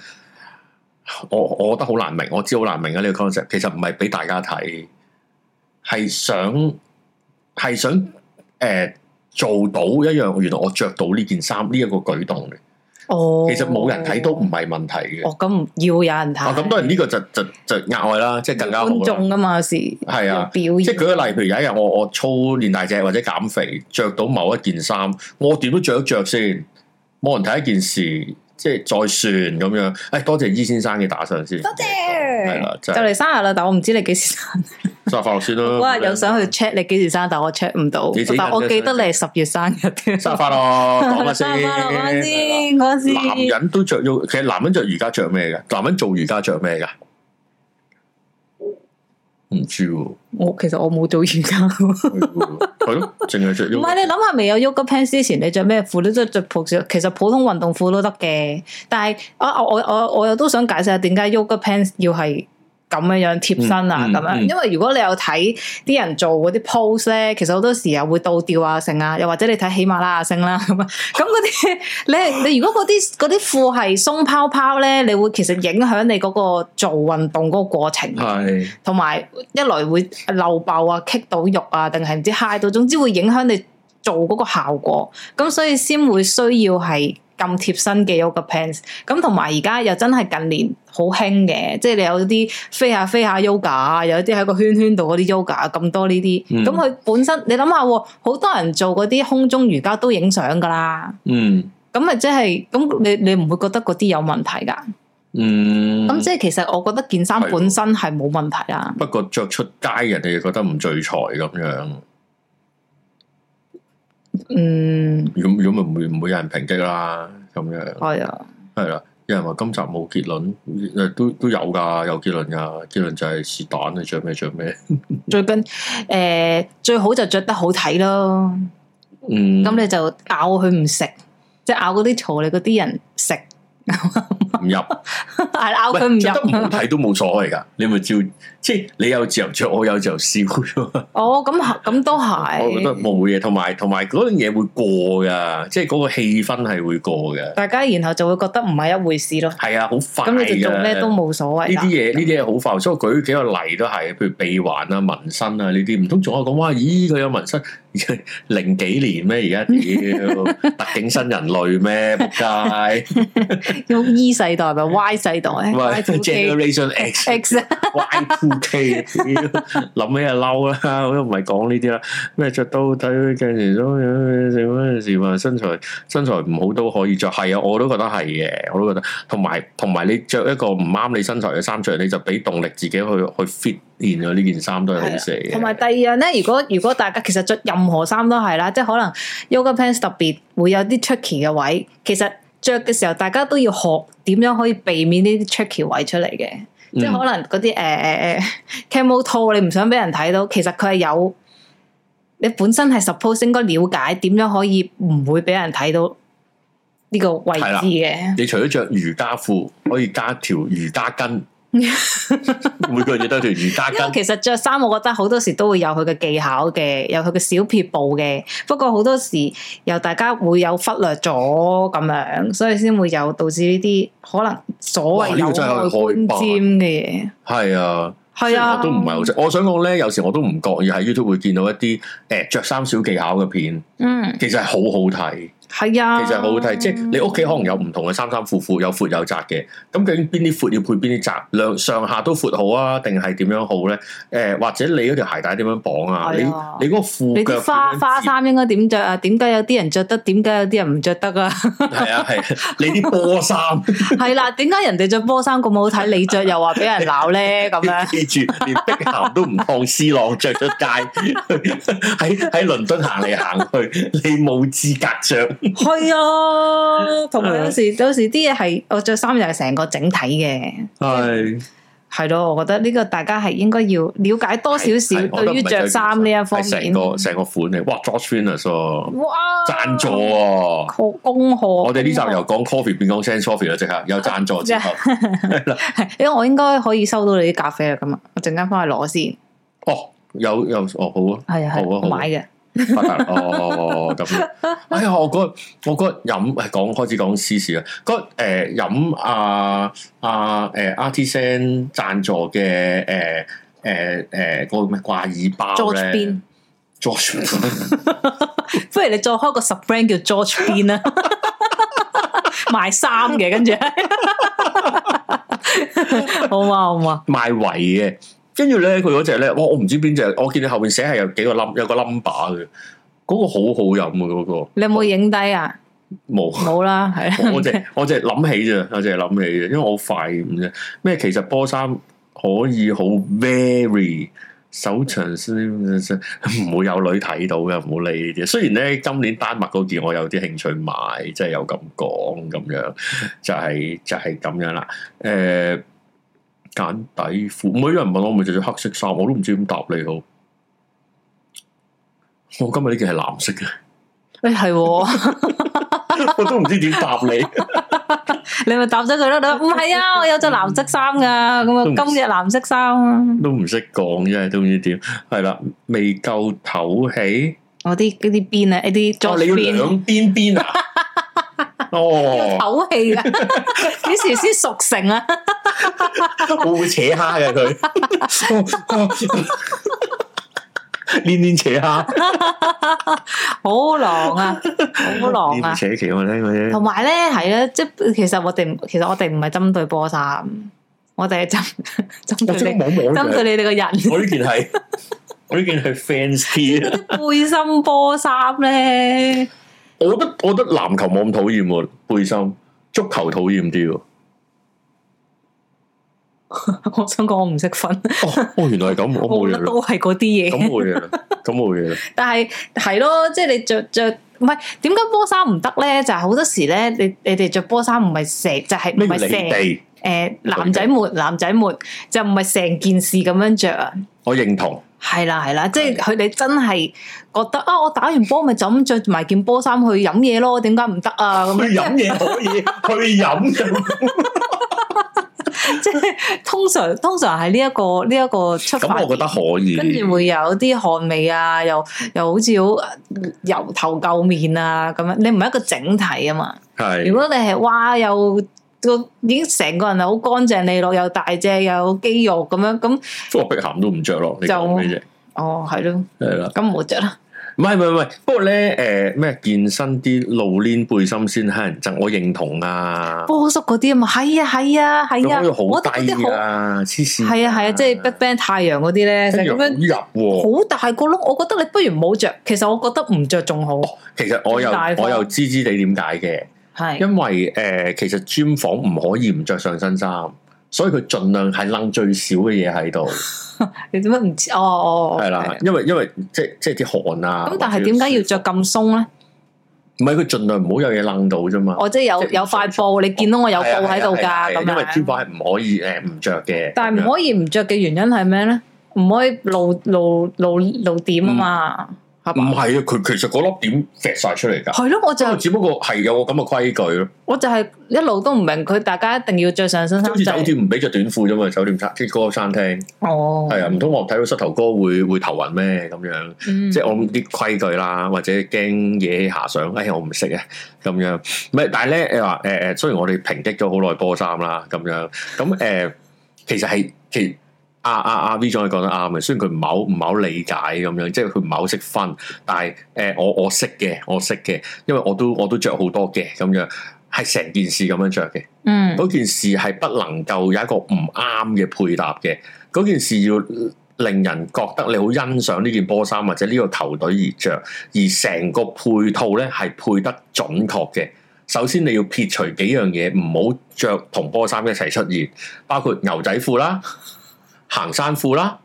我我覺得好難明，我知好難明啊！呢個 concept 其實唔係俾大家睇，係想係想誒、呃、做到一樣，原來我着到呢件衫呢一個舉動嘅。其實冇人睇都唔係問題嘅。哦，咁、嗯、要有人睇。咁、哦、當然呢個就就就額外啦，即係更加好觀眾啊嘛，有時係啊表演。即係舉個例，譬如有一日我我操練大隻或者減肥，着到某一件衫，我點都着得着先，冇人睇一件事。即係再算咁樣，誒、哎，多謝伊先生嘅打賞先，多謝，係啦，就嚟、是、生日啦，但我唔知你幾時生，生日快樂先啦。我又 想去 check 你幾時生，但我 check 唔到，但我記得你係十月生日月生日快樂，講下發生先，我先，我先的。男人都着要，其實男人着瑜伽着咩嘅？男人做瑜伽着咩嘅？唔知喎，我其實我冇做瑜伽，係 咯， 淨係着唔係，你諗下未有 yoga pants 之前，你着咩褲都都着普，其實普通運動褲都得嘅。但係我我我我我又都想解釋下點解 yoga pants 要係。咁樣樣貼身啊，咁、嗯嗯、樣，因為如果你有睇啲人做嗰啲 pose 咧，其實好多時又會倒吊啊，成啊，又或者你睇喜馬拉雅星啦，咁啊，咁嗰啲你你如果嗰啲嗰啲褲係鬆泡泡咧，你會其實影響你嗰個做運動嗰個過程，係是，同埋一來會漏爆啊，棘到肉啊，定係唔知嗨到，總之會影響你做嗰個效果，咁所以先會需要係咁貼身嘅 yoga pants，咁同埋而家又真係近年好興嘅，即係你有啲飛下飛下 yoga，有啲喺個圈圈度嗰啲 yoga，咁多呢啲，咁佢、嗯、本身你諗下，好多人做嗰啲空中瑜伽都影相噶啦，嗯，咁咪即係，咁你你唔會覺得嗰啲有問題噶，嗯，咁即係其實我覺得件衫本身係冇問題啦，不過着出街人哋覺得唔聚財咁樣。嗯，如如果咪唔會唔會有人抨擊啦，咁樣係啊，係啦、哎呀，有人話今集冇結論，誒都都有噶，有結論噶，結論就係是但，你着咩着咩？ 最近誒、呃、最好就着得好睇咯，嗯，咁你就咬佢唔食，即、就、係、是、咬嗰啲草，你嗰啲人食。 唔 不入，係拗佢唔入，睇都冇所謂噶。你咪照，即係你有自由着，我有自由笑。呵呵哦，咁咁都係， 我覺得冇嘢。同埋同埋嗰樣嘢會過噶，即係嗰個氣氛係會過噶。大家然後就會覺得唔係一回事咯。係啊，好快。咁你做咩都冇所謂。呢啲嘢呢啲嘢好快，所以我舉幾個例都係，譬如鼻環啊、紋身啊呢啲，唔通仲有講哇？咦，佢有紋身。 零幾年咩？而家屌特警新人類咩撲街？ 用 E 世代咪 Y 世代？唔係 Generation X, X. Y two K 諗起就嬲啦，我都唔係講呢啲啦。咩着都睇鏡時都食嗰陣時話身材身材唔好都可以着，係啊，我都覺得係嘅，我都覺得同埋同埋你着一個唔啱你身材嘅衫着，你就俾動力自己去去 fit。連咗呢件衫都係好死嘅，同埋第二樣咧，如果如果大家其實着任何衫都係啦，即係可能 yoga pants 特別會有啲 tricky 嘅位，其實着嘅時候大家都要學點樣可以避免呢啲 tricky 位出嚟嘅，即係可能嗰啲誒 camel toe，你唔想俾人睇到，其實佢係有你本身係 suppose 應該了解點樣可以唔會俾人睇到呢個位置嘅。你除咗着瑜伽褲，可以加條瑜伽巾。每個人都得條瑜伽巾。 其實着衫，我覺得好多時都會有佢嘅技巧嘅，有佢嘅小撇步嘅。不過好多時又大家會有忽略咗咁樣，所以先會有導致呢啲可能所謂有外尖嘅嘢。係啊，係啊，都唔係好我想講咧，有時我都唔覺，而喺 YouTube 會見到一啲誒着衫小技巧嘅片。嗯，其實係好好睇。係啊，其實好好睇，即係你屋企可能有唔同嘅衫，衫褲褲，有闊有窄嘅。咁究竟邊啲闊要配邊啲窄？兩上下都闊好啊，定係點樣好咧？誒、呃，或者你嗰條鞋帶點樣綁啊？你你嗰個褲腳，你啲花花衫應該點着啊？點解有啲人着得，點解有啲人唔着得啊？係啊係，你啲波衫，係啦，點解人哋着波衫咁好睇，你着又話俾人鬧咧咁咧？記住，連碧咸都唔放思浪着咗街，喺喺倫敦行嚟行去，你冇資格着。係啊，同埋有時有時啲嘢，係我着衫又係成個整體嘅，係係咯，我覺得呢個大家係應該要了解多少少對於着衫呢一方面，成個款嚟。哇，George v 贊助，好功課。我哋呢集由講 coffee 變講 sense coffee 啦，即刻有贊助之後，嗱，因為我應該可以收到你啲咖啡啦，咁啊，我陣間翻去攞先。哦，有有哦，好啊，係啊係啊，買嘅。發達哦咁，哎呀我個我個飲講開始講私事啦，個誒飲阿阿誒 R T C 贊助嘅誒誒誒個咩掛耳包咧 George Bin，George Bin，不如你再開個 Sub Brand 叫 George Bin 啦，賣衫嘅跟住。好嘛好嘛，賣圍嘅。跟住咧，佢嗰隻咧，我我唔知邊隻，我見你後邊寫係有幾個冧，有個冧把嘅，嗰個好好飲嘅嗰個。你有冇影低啊？冇，冇啦，係啦。我淨我淨係諗起啫，我淨係諗起啫，因為我好快咁啫。咩？其實波衫可以好 very 手長，唔會有女睇到嘅，唔好理呢啲。雖然咧，今年丹麥嗰件我有啲興趣買，即係有咁講咁樣，就係就係咁樣啦。誒。揀底褲，唔會有人問我，咪着咗黑色衫，我都唔知點答你。好，我今日呢件係藍色嘅，誒係，我都唔知點答你。你咪答咗佢咯，唔係啊，我有件藍色衫噶，咁啊，今日藍色衫都唔識講啫，都唔知點。係啦，未夠透氣，我啲嗰啲邊啊，呢啲，你要兩邊邊啊。 哦，口氣啊！幾 時先熟成啊？會 唔會扯蝦嘅佢？練練 扯蝦， 好狼啊！好狼啊！扯旗我聽過啫。同埋咧，係啊，即係其實我哋，其實我哋唔係針對波衫，我哋係針針對你，針 對你哋個人。 我呢件係， 我呢件係 fans 背心波衫咧。我覺得我覺得籃球冇咁討厭，背心，足球討厭啲。我想講我唔識分。哦，原來係咁，我冇嘢。都係嗰啲嘢。咁冇嘢，咁冇嘢。但係係咯，即係你着着，唔係，點解波衫唔得咧？就係好多時咧，你你哋着波衫唔係成，就係唔係成。誒，男仔們，男仔們就唔係成件事咁樣着啊。我認同。係啦係啦，即係佢哋真係覺得的啊，我打完波咪就咁着埋件波衫去飲嘢咯，點解唔得啊？咁飲嘢可以去飲嘅，即係通常通常係呢一個呢一個出發。咁我覺得可以。跟住會有啲汗味啊，又又好似好油頭垢面啊咁樣，你唔係一個整體啊嘛。係的，如果你係話有。都已經成個人係好乾淨利落，又大隻，又有肌肉咁樣咁。不過碧咸都唔着咯，你講咩啫？哦，係咯，係啦，咁冇着啦。唔係唔係唔係，不過咧誒咩健身啲露鏈背心先乞人憎，我認同啊。波叔嗰啲啊嘛，係啊係啊係啊，我好大噶，黐線。係啊係啊，即係 big bang 太陽嗰啲咧，咁樣入好大個窿，我覺得你不如唔好着。其實我覺得唔着仲好。其實我又我又知知你點解嘅。係、呃 oh，因為誒，其實 gym 房唔可以唔着上身衫，所以佢盡量係掹最少嘅嘢喺度。你做乜唔知？哦哦哦。係啦，因為因為即即啲汗啊。咁但係點解要着咁鬆咧？唔係佢盡量唔好有嘢掹到啫嘛。哦，即係有即有塊布，嗯、你見到我有布喺度噶。咁因為 gym 房係唔可以誒唔着嘅。呃、但係唔可以唔着嘅原因係咩咧？唔可以露露露露點啊嘛。嗯唔係啊，佢其實嗰粒點劈晒出嚟噶。係咯，我就是、只不過係有我咁嘅規矩咯。我就係一路都唔明，佢大家一定要着上身。好似酒店唔俾着短褲啫嘛，酒店，嗰個、餐即係餐廳。哦，係啊，唔通我睇到膝頭哥會會頭暈咩咁樣？嗯、即係我諗啲規矩啦，或者驚惹起遐想。哎我唔識啊，咁樣。唔係，但係咧，你話誒誒，雖然我哋抨擊咗好耐波衫啦，咁樣咁誒、呃，其實係其。啊啊阿、啊、v 仔佢講得啱嘅，雖然佢唔係好唔係好理解咁樣，即係佢唔係好識分。但係誒、呃，我我識嘅，我識嘅，因為我都我都著好多嘅咁樣，係成件事咁樣着嘅。嗯，嗰件事係不能夠有一個唔啱嘅配搭嘅，嗰件事要令人覺得你好欣賞呢件波衫或者呢個球隊而着，而成個配套咧係配得準確嘅。首先你要撇除幾樣嘢，唔好着同波衫一齊出現，包括牛仔褲啦。行山褲啦，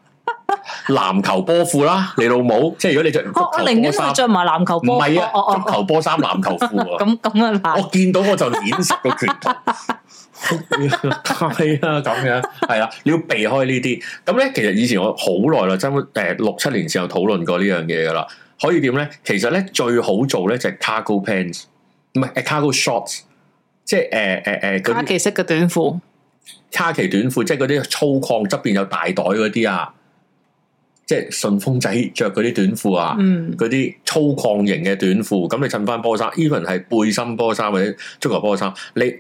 籃球波褲啦，你老母，即係如果你着，哦，我寧願我着埋籃球波，唔係啊，哦哦，足球波衫，籃球褲，咁咁樣嗱，我見到我就碾實個拳頭，係啊，咁 樣係啦，你要避開呢啲，咁咧其實以前我好耐啦，真誒六七年前有討論過呢樣嘢噶啦，可以點咧？其實咧最好做咧就係 cargo pants，唔係，誒 cargo shorts，即係誒誒誒卡其色嘅短褲。卡其短褲，即係嗰啲粗獷側邊有大袋嗰啲啊，即係順豐仔着嗰啲短褲啊，嗰啲、嗯、粗獷型嘅短褲，咁你襯翻波衫，even 係背心波衫或者足球波衫，你鞋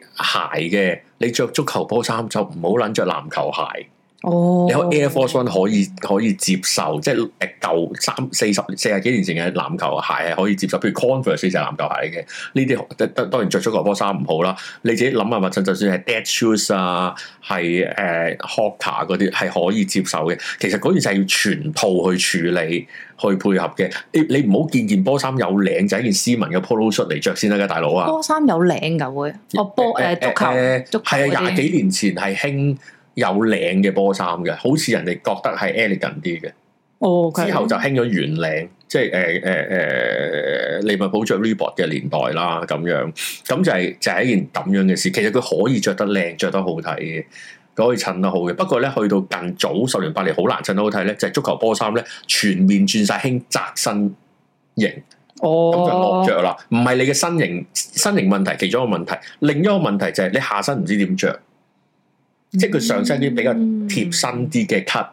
嘅你着足球波衫就唔好捻着籃球鞋。哦，oh, okay. 你可 Air Force One 可以可以接受，即係誒舊三四十四廿幾年前嘅籃球鞋係可以接受，譬如 Converse 呢隻籃球鞋嘅呢啲，得當然着咗個波衫唔好啦。你自己諗下，或者就算係 Dead Shoes 啊，係誒 Hokka 嗰啲係可以接受嘅。其實嗰件就係要全套去處理去配合嘅。你你唔好見件波衫有領就係件斯文嘅 Polo 恤嚟着先得嘅，大佬，oh, 啊！波衫有領噶會，哦波誒足球足係啊廿幾年前係興。有領嘅波衫嘅，好似人哋覺得係 elegant 啲嘅。哦，oh, okay. 之後就興咗圓領，即係誒誒誒，利物浦着 Reebok 嘅年代啦，咁樣咁就係就係一件咁樣嘅事。其實佢可以着得靚，着得好睇嘅，可以襯得好嘅。不過咧，去到近早十年八年，好難襯得好睇咧，就係足球波衫咧全面轉晒興窄身型。哦，oh，咁就冇着啦。唔係你嘅身形身形問題，其中一個問題，另一個問題就係你下身唔知點着。即係佢上身啲比較貼身啲嘅 cut，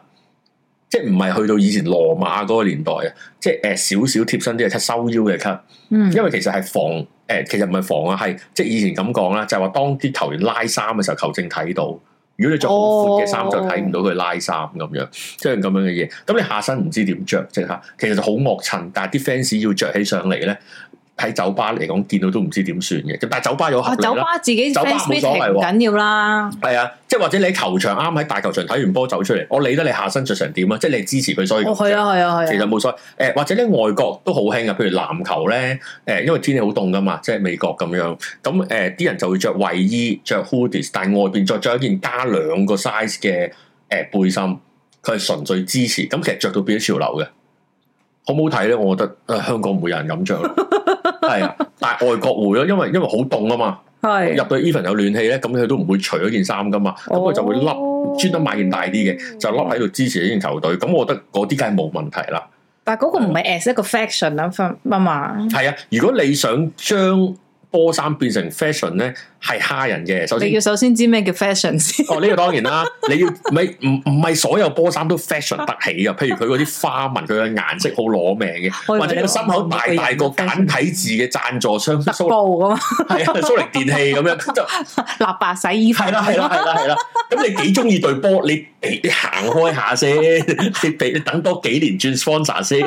即係唔係去到以前羅馬嗰個年代啊，即係誒少少貼身啲嘅 cut 收腰嘅 cut，、嗯、因為其實係防誒、呃，其實唔係防啊，係即係以前咁講啦，就係、是、話當啲球員拉衫嘅時候，球證睇到，如果你着好闊嘅衫就睇唔到佢拉衫咁、哦、樣，即係咁樣嘅嘢。咁你下身唔知點着即係其實就好惡襯，但係啲 fans 要着起上嚟咧。喺酒吧嚟講，見到都唔知點算嘅。但係酒吧有合理、啊、酒吧自己，酒吧冇所謂喎。緊要啦。係啊，即係或者你球場啱喺大球場睇完波走出嚟，我理得你下身着成點啊？即係你支持佢，所以係啊係啊係啊。啊啊其實冇所謂。誒、呃，或者咧，外國都好興噶，譬如籃球咧，誒、呃，因為天氣好凍噶嘛，即係美國咁樣。咁、呃、誒，啲人就會着衛衣、着 hoodies，但係外邊再着一件加兩個 size 嘅誒、呃、背心，佢係純粹支持。咁其實着到變咗潮流嘅，好唔好睇咧？我覺得、哎、香港唔會有人咁着。 係啊， 但係外國會咯，因為因為好凍啊嘛，入到 even 有暖氣咧，咁佢都唔會除咗件衫噶嘛，咁佢、oh. 就會笠，專登買件大啲嘅，就笠喺度支持呢件球隊。咁我覺得嗰啲梗係冇問題啦。但係嗰個唔係 as 一個 fashion 啊嘛嘛。係啊，如果你想將波衫變成 fashion 咧、嗯。係蝦人嘅，首先你要首先知咩叫 fashion 先。哦，呢個當然啦，你要咪唔唔係所有波衫都 fashion 得起啊？譬如佢嗰啲花紋，佢嘅顏色好攞命嘅，或者個心口大大個簡體字嘅贊助商蘇寧咁啊，蘇寧電器咁樣，立白洗衣服係啦係啦係啦係啦，咁你幾中意對波？你你行開下先，你你等多幾年轉 sponsor 先，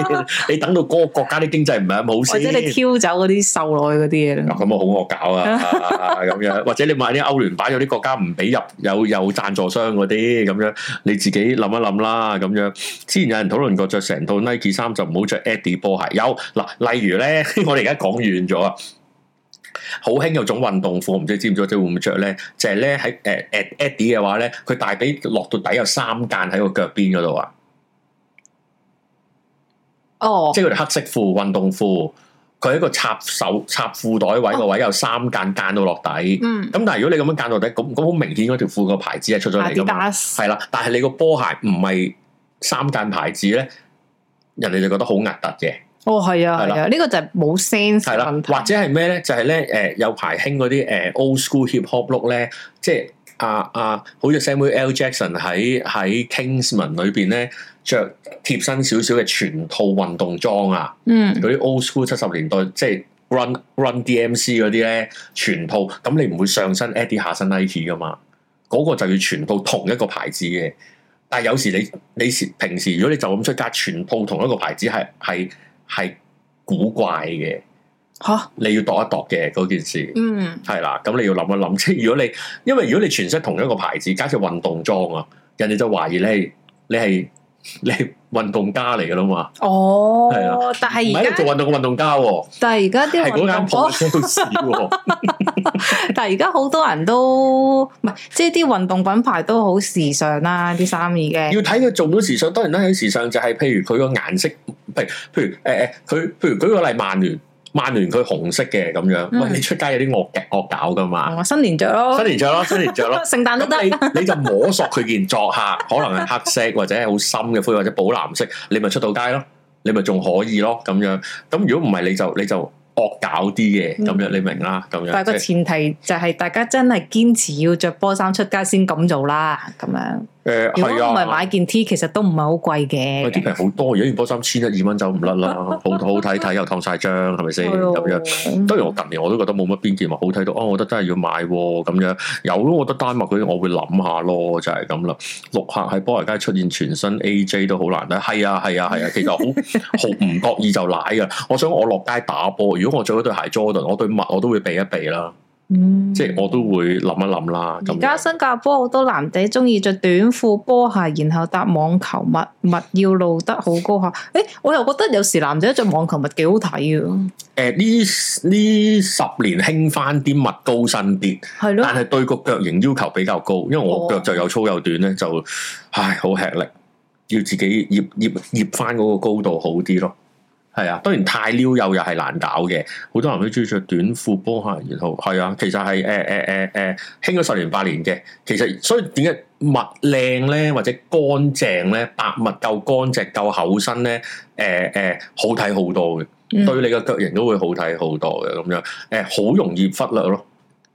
你等到嗰個國家啲經濟唔係咁好先，或者你挑走嗰啲瘦女嗰啲嘢啦。嗱，咁我好惡搞啊或者你買啲歐聯版，有啲國家唔俾入，有有贊助商嗰啲咁樣，你自己諗一諗啦，咁樣。之前有人討論過着成套 Nike 衫就唔好着 Adidas 波鞋。有嗱，例如咧， 我哋而家講遠咗啊，好興有種運動褲，唔知知唔知我會唔會着咧？就係咧喺誒誒 Adidas 嘅話咧，佢大髀，落到底有三間喺個腳邊嗰度啊。哦，oh. 即係佢哋黑色褲、運動褲。佢喺個插手插褲袋位個位有三間間噢到落底，咁、嗯、但係如果你咁樣間到，到底，咁咁好，明顯嗰條褲個牌子係出咗嚟嘅，係啦。但係你個波鞋唔係三間牌子咧，人哋就覺得好壓突嘅。哦，係啊，係啊，呢的個就係冇 sense 或者係咩咧？就係、是、咧，誒有排興嗰啲誒 old school hip hop look 咧，即係。阿阿、啊啊，好似 Samuel L. Jackson 喺喺 Kingsman 裏邊咧，着貼身少少嘅全套運動裝啊，嗯，嗰啲 old school 七十年代即係 Run Run DMC 嗰啲咧，全套，咁你唔會上身 Adi 下身 Nike 噶嘛？嗰、嗰個就要全套同一個牌子嘅，但係有時你你平時如果你就咁出街，全套同一個牌子係係係古怪嘅。吓！啊、你要度一度嘅嗰件事，係啦、嗯，咁你要諗一諗。即係如果你，因為如果你全身同一個牌子，假設運動裝啊，人哋就懷疑你係你係你係運動家嚟噶啦嘛。哦，係啊的，但係唔係做運動嘅運動家。但係而家啲係嗰間鋪超市尚。 但係而家好多人都唔係，即係啲運動品牌都好時尚啦、啊。啲衫已經要睇佢做到時尚。當然啦，喺時尚就係譬如佢個顏色，譬如譬如誒誒，佢譬如舉個例，曼聯。曼聯佢紅色嘅咁樣，嗯、喂你出街有啲惡搞惡搞噶嘛？哦、新，年新年着咯，新年着咯，新年着咯，聖誕都得。你你就摸索佢件 作客，可能係黑色或者係好深嘅灰或者寶藍色，你咪出到街咯，你咪仲可以咯咁樣。咁如果唔係你就你就惡搞啲嘅，咁、嗯、樣你明啦咁樣。但係是個前提就係大家真係堅持要着波衫出街先咁做啦，咁樣。誒，如果唔係買件 T，其實都唔係好貴嘅。嗰啲皮好多，如果件波衫千一二蚊走唔甩啦，好好睇睇又燙晒章，係咪先？咁樣，當然我近年我都覺得冇乜邊件話好睇到，哦，我覺得真係要買咁樣有咯，我覺得丹麥嗰啲我會諗下咯，就係咁啦。陸客喺波鞋街出現全新 AJ 都好難啦。係啊，係啊，係啊，其實好好唔覺意就拉啊！我想我落街打波，如果我著咗對鞋 Jordan，我對襪我都會避一避啦。嗯，即係我都會諗一諗啦。而家新加坡好樣多男仔中意着短褲、波鞋，然後搭網球襪，襪要露得好高下。誒，我又覺得有時男仔着網球襪幾好睇嘅。誒，呢呢十年興翻啲襪高身啲，係咯。但係對個腳型要求比較高，因為我腳就有粗有短咧，哦、就唉好吃力，要自己醃醃醃翻嗰個高度好啲咯。係啊，當然太溜又又係難搞嘅，好多人都中意着短褲波鞋。然後係啊，其實係誒誒誒誒，興咗十年八年嘅。其實所以點解襪靚咧，或者乾淨咧，白襪夠乾淨、夠厚身咧，誒、呃、誒、呃，好睇好多嘅，嗯、對你嘅腳型都會好睇好多嘅咁樣。誒、呃，好容易忽略咯。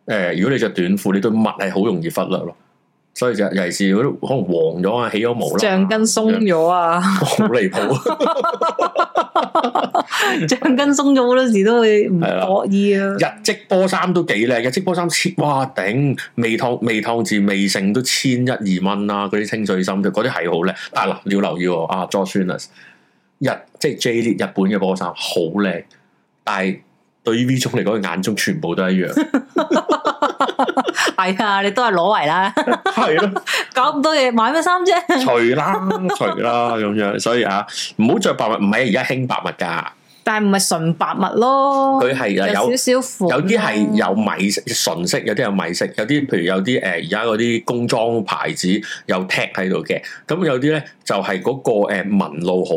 誒、呃，如果你着短褲，你對襪係好容易忽略咯。所以就尤其是嗰啲可能黃咗啊，的啊，起咗毛啦，橡筋鬆咗啊，好離譜！橡筋鬆咗好多時都會唔覺意啊。日積波衫都幾靚，日積波衫哇頂，未燙未燙字未剩都千一二蚊啊。嗰啲清水衫，就嗰啲係好靚。但係嗱，你要留意啊，啊，Johannes 日即係 J League 日本嘅波衫好靚，但係對於 V 中嚟講，佢眼中全部都一樣。 係啊，你都係攞嚟啦，係咯， 搞咁多嘢買乜衫啫？除啦，除啦咁樣，所以啊，唔好着白襪，唔係而家興白襪噶。但係唔係純白物咯？佢係有，有少少、啊、有啲係有米色純色，有啲有米色，有啲譬如有啲誒而家嗰啲工裝牌子有 tag 喺度嘅。咁有啲咧就係、是、嗰個誒紋路好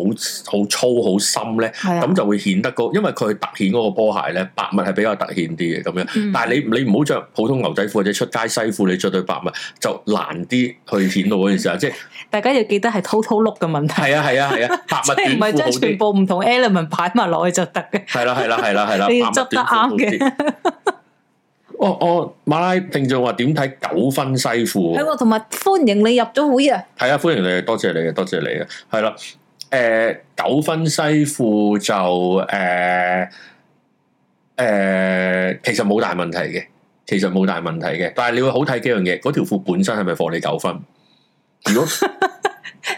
好粗好深咧，咁、啊、就會顯得高，因為佢突顯嗰個波鞋咧，白襪係比較突顯啲嘅咁樣。但係你、嗯、你唔好着普通牛仔褲或者出街西褲，你着對白襪就難啲去顯到嗰陣時候，即係 大家要記得係偷偷碌嘅問題。係啊係啊係啊，白襪即係唔係將全部唔同 element 擺埋落。我就得嘅，係啦係啦係啦係啦，你要執得啱嘅、 哦。哦哦，馬拉聽眾話點睇九分西褲？係喎，同埋歡迎你入咗會啊！係啊，歡迎你多謝你啊，多謝你啊，係啦。誒、嗯，九分西褲就誒誒、嗯嗯，其實冇大問題嘅，其實冇大問題嘅。但係你會好睇幾樣嘢，嗰條褲本身係咪放你九分？如果……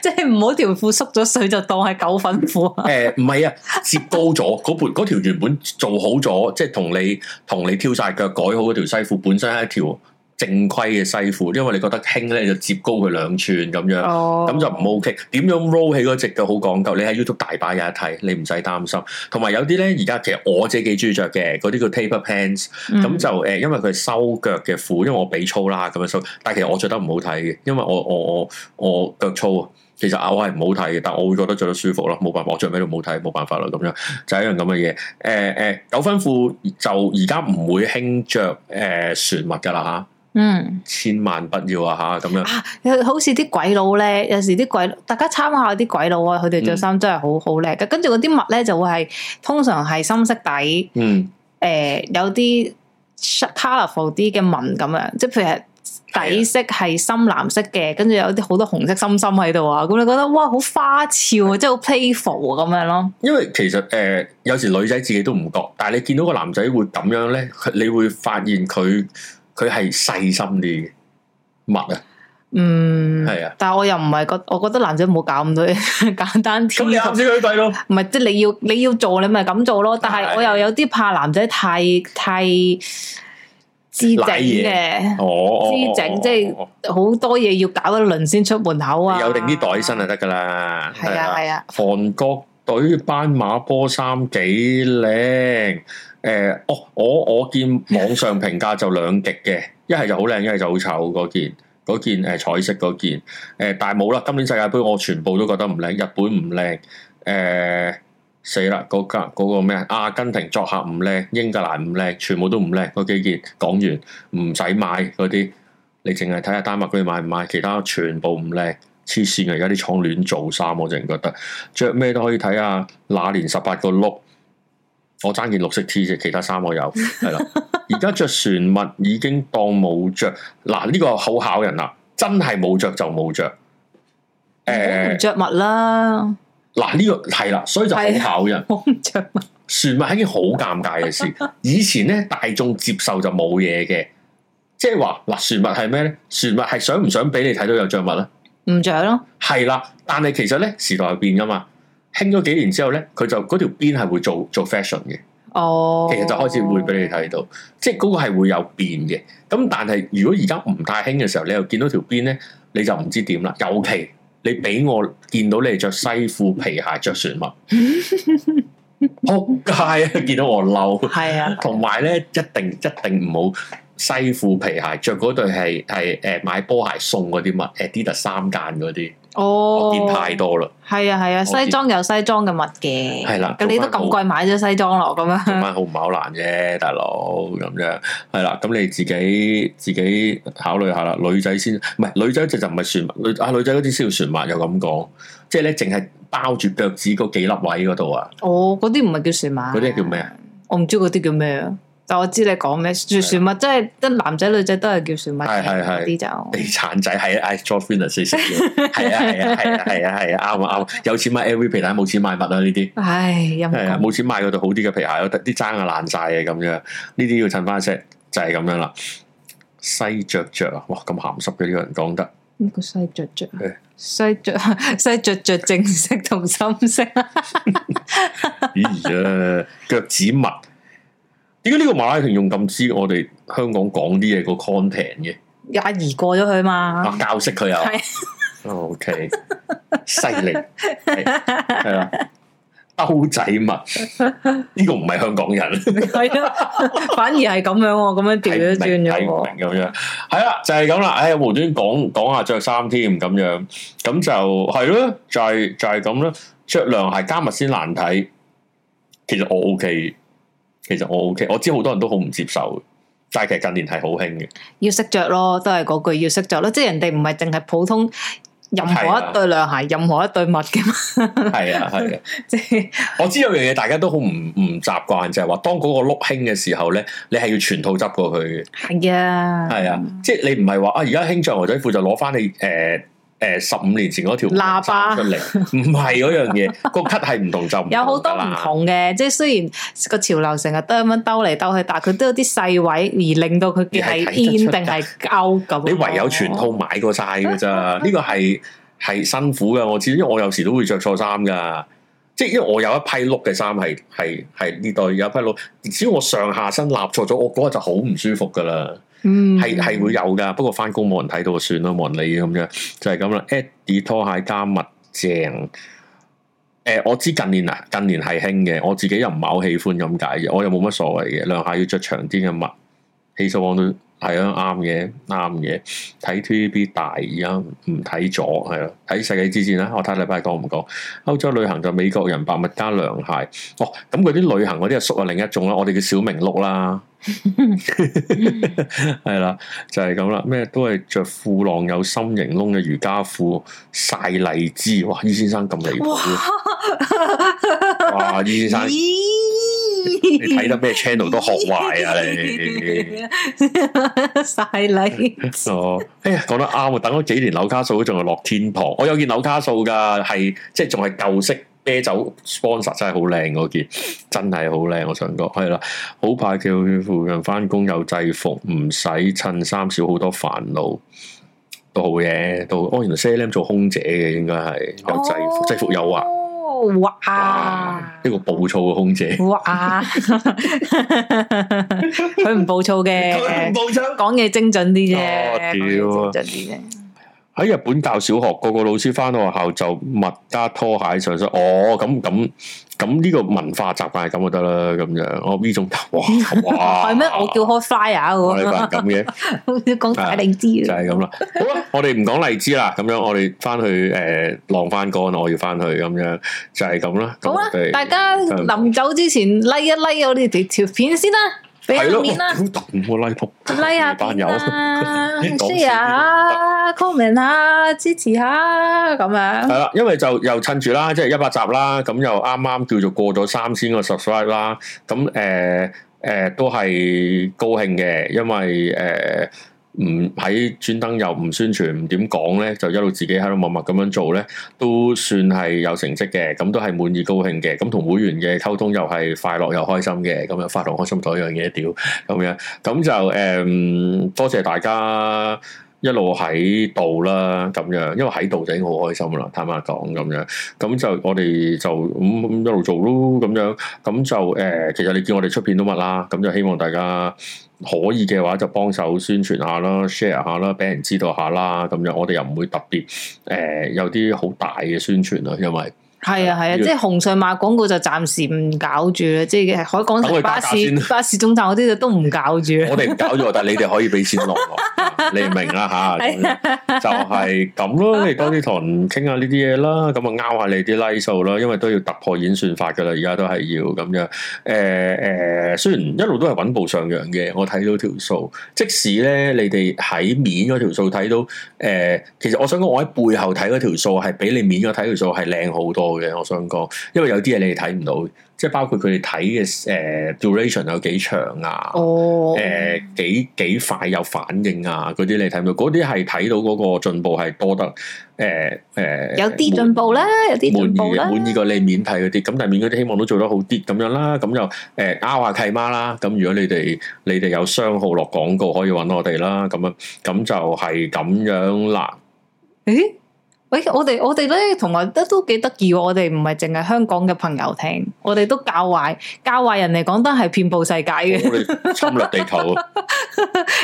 即係唔好條褲縮咗水就當係九分褲。誒，唔係啊，折、呃啊、高咗嗰盤條原本做好咗，即係同你同你挑晒腳改好嗰條西褲，本身係一條正規嘅西褲。因為你覺得輕咧，就折高佢兩寸咁樣，咁、oh. 就唔 OK。點樣 roll 起嗰隻腳好講究？你喺 YouTube 大把嘢睇，你唔使擔心。同埋有啲咧，而家其實我自己幾中意着嘅，嗰啲叫 taper pants。咁就誒，因為佢收腳嘅褲，因為我比粗啦，咁樣收。但係其實我着得唔好睇嘅，因為我我我我腳粗啊。其實我係唔好睇嘅，但我會覺得着得舒服咯，冇辦法，我着咩都冇睇，冇辦法啦，咁樣就係、是、一樣咁嘅嘢。誒、呃、誒、呃，九分褲就而家唔會興着誒船襪噶啦，吓，嗯，千萬不要啊，吓，咁樣。啊、好似啲鬼佬咧，有時啲鬼，大家參考下啲鬼佬啊，佢哋着衫真係好好靚。跟住嗰啲襪咧就會係，通常係深色底，嗯，誒、呃，有啲 colourful 啲嘅紋咁樣，即係譬如。底色係深藍色嘅，跟住有啲好多紅色心心喺度啊！咁你覺得哇，好花俏啊，即係好 playful 咁樣咯。因為其實誒、呃，有時女仔自己都唔覺，但係你見到個男仔會咁樣咧，你會發現佢佢係細心啲嘅乜啊。嗯，係啊，但係我又唔係覺，我覺得男仔唔好搞咁多嘢， 簡單。咁你暗示佢哋咯？唔係，即係 你要你要做，你咪咁做咯。但係我又有啲怕男仔太太。太織整嘢嘅，織整即係好多嘢要搞一輪先出門口啊，有定啲袋起身就得噶啦。係啊係啊，韓國隊斑馬波衫幾靚？誒，哦，我我見網上評價就兩極嘅，一係就好靚，一係就好醜，嗰件嗰件誒彩色嗰件誒，但係冇啦。今年世界杯我全部都覺得唔靚，日本唔靚，誒。死啦！嗰家嗰個咩、那個？阿根廷作客唔靚，英格蘭唔靚，全部都唔靚。嗰幾件講完唔使買嗰啲，你淨係睇下丹麥佢買唔買？其他全部唔靚，黐線啊！而家啲廠亂做衫，我淨係覺得着咩都可以睇下。那年十八個碌？我爭件綠色 T 恤，其他衫我有。係啦，而家着船襪已經當冇着。嗱，呢、這個好考人啊！真係冇着就冇著。誒、欸，着、嗯、襪啦。嗱，呢個係啦，所以就好考人。我船物。船物係一件好尷尬嘅事。 以前，咧大眾接受就冇嘢嘅。即係話嗱，船物係咩咧？船物係想唔想俾你睇到有着物咧？唔着咯。係啦，但係其實咧時代變噶嘛，興咗幾年之後咧，佢就嗰條邊係會做做 fashion 嘅。哦，oh. 其實就開始會俾你睇到，即係嗰個係會有變嘅。咁但係如果而家唔太興嘅時候，你又見到條邊咧，你就唔知點啦。尤其。你俾我見到你着西褲皮鞋着船襪，撲街啊！見到我嬲，係啊， 同埋咧一定一定唔好西褲皮鞋着嗰對係係誒買波鞋送嗰啲襪，Adidas 三間嗰啲。哦，oh，我見太多啦，係啊係啊，啊西裝有西裝嘅物嘅，係啦，咁你都咁貴買咗西裝落咁樣，咁咪好唔好難啫，大佬咁樣係啦，咁你自己自己考慮下啦，女仔先唔係女仔一隻就唔係船，女啊女仔嗰啲先要船襪，又咁講，即係咧淨係包住腳趾嗰幾粒位嗰度啊，哦嗰啲唔係叫船襪，嗰啲叫咩啊？我唔知嗰啲叫咩。但我知你講咩，雪雪襪即係，一男仔女仔都係叫雪襪，啲就。誒，橙仔係啊，I d r i n i s 係啊，係啊，係啊，係啊，啱啊，啱有錢買 LV 皮帶，冇錢買襪啊，呢啲。唉，陰。係啊，冇錢買嗰對好啲嘅皮鞋咯，啲踭啊爛晒嘅咁樣，呢啲要襯翻色，就係咁樣啦。西著著啊，哇，咁咸濕嘅呢個人講得。呢個西著著。西著西著著正式同深色。咦，誒，腳趾襪。點解呢個馬拉拳用咁知我哋香港講啲嘢個 content 嘅？亞怡過咗佢嘛？啊教識佢又。係 ，OK，犀利係啦，兜 仔物呢 個唔係香港人，係 咯、啊，反而係咁樣、啊，咁樣調咗轉咗，睇唔 明咁樣，係啦、 啊，就係咁啦，哎，無端講講下着衫添咁樣，咁就係咯、啊，就係、是、就係咁啦，着涼鞋加襪先難睇，其實我 OK。就是就是就是其實我 OK，我知好多人都好唔接受，但係其實近年係好興嘅，要識着咯，都係嗰句要識着咯，即係人哋唔係淨係普通任何一對涼鞋，任何一對襪嘅嘛。係啊係啊，即係我知有樣嘢大家都好唔唔習慣，就係話當嗰個 look 興嘅時候咧，你係要全套執過去嘅。係啊，係啊，即係你唔係話啊，而家興着牛仔褲就攞翻你誒。誒十五年前嗰條，喇叭出嚟，唔係嗰樣嘢，個級係唔同就唔同。 有好多唔同嘅，即係雖然個潮流成日都咁樣兜嚟兜去，但係佢都有啲細位而令到佢係堅定係溝咁。你， 你唯有全套買過晒㗎啫，呢 個係係辛苦㗎，我知，因為我有時都會着錯衫㗎。即係因為我有一批碌嘅衫係係係呢對有一批碌，只要我上下身立錯咗，我嗰日就好唔舒服噶啦。係係、嗯、會有噶，不過翻工冇人睇到就算啦，冇人理咁樣就係咁啦。Adi 拖鞋加襪正，誒、呃，我知近年啊，近年係興嘅，我自己又唔係好喜歡咁解，嘅，我又冇乜所謂嘅，涼鞋要着長啲嘅襪，起數我都。係啊，啱嘅，啱嘅。睇 TVB 大而家唔睇咗，係啊，睇世界之戰啦。我睇禮拜講唔講？歐洲旅行就美國人白襪加涼鞋。哦，咁佢啲旅行嗰啲係屬係另一種啦。我哋嘅小明祿啦，係啦，就係咁啦。咩都係着褲浪有心形窿嘅瑜伽褲晒荔枝。哇！于先生咁離譜。 哇！于先生。你睇得咩 channel 都學壞啊！你晒你 哦，哎呀，講得啱啊！等咗幾年樓卡數都仲係落天堂，我有件樓卡數噶，係即係仲係舊式啤酒 sponsor，真係好靚嗰件，真係好靚！我想講係啦，好怕叫附近翻工有制服，唔使襯衫，少好多煩惱都好嘢，都哦，原來 sales 做空姐嘅應該係有制服，oh. 制服誘惑。哇！一個暴躁嘅空姐。哇！佢唔 暴躁嘅，佢唔 暴躁，講嘢精準啲啫。喺、oh, 啊、日本教小學，個個老師翻到學校就勿加拖鞋上上。哦，咁咁。咁呢個文化習慣係咁就得、是、啦，咁 樣我呢種哇哇係咩？我叫 Hot Fire，我咁嘅，講大荔枝就係咁啦。好啦，我哋唔講荔枝啦，咁樣我哋翻去誒晾翻乾我要翻去咁樣就係咁啦。好啦，大家臨走之前拉、嗯 like、一拉、like, 我哋條片先啦。係咯，屌同個 like，like 下啊 share 下，comment 下，支持下、啊，咁樣。係啦，因為就又趁住啦，即係一百集啦，咁又啱啱叫做過咗三千個 subscribe 啦，咁誒誒都係高興嘅，因為誒。呃唔喺專登又唔宣傳唔點講咧，就一路自己喺度默默咁樣做咧，都算係有成績嘅，咁都係滿意高興嘅。咁同會員嘅溝通又係快樂又開心嘅，咁又快樂開心咗一樣嘢屌咁樣。咁就誒、嗯、多謝大家一路喺度啦，咁樣，因為喺度就已經好開心啦，坦白講咁樣。咁就我哋就咁、嗯嗯、一路做咯，咁樣。咁就誒、呃，其實你見我哋出片都密啦，咁就希望大家，可以嘅話就幫手宣傳下啦，share 下啦，俾人知道下啦，咁樣我哋又唔會特別誒、呃、有啲好大嘅宣傳喇，因為。係啊係啊，即係紅上馬廣告就暫時唔搞住啦，即係海港巴士、 巴士總站嗰啲都唔搞住。我哋唔搞住， 但係你哋可以俾錢落落，你明啦吓，就係咁咯。你多啲同人傾下呢啲嘢啦，咁啊拗下你啲拉數啦，因為都要突破演算法噶啦，而家都係要咁樣。誒、呃、誒，雖然一路都係穩步上揚嘅，我睇到條數，即使咧你哋喺面嗰條數睇到，誒、呃，其實我想講，我喺背後睇嗰條數係比你面嗰睇條數係靚好多。嘅，我想講，因為有啲嘢你哋睇唔到，即係包括佢哋睇嘅誒 duration 有幾長啊，哦、oh. 呃，誒幾幾快有反應啊，嗰啲你睇唔到，嗰啲係睇到嗰個進步係多得，誒、呃、誒、呃，有啲進步啦，有啲進步啦，滿意過你免睇嗰啲，咁但係免嗰啲希望都做得好啲咁樣,樣、呃啊、啦，咁就誒 out 下契媽啦，咁如果你哋你哋有商號落廣告可以揾我哋啦，咁樣咁就係咁樣啦，誒、欸。喂，我哋我哋咧，同埋都都幾得意喎！我哋唔係淨係香港嘅朋友聽，我哋都教壞教壞人嚟講，都係遍佈世界嘅，侵略地球。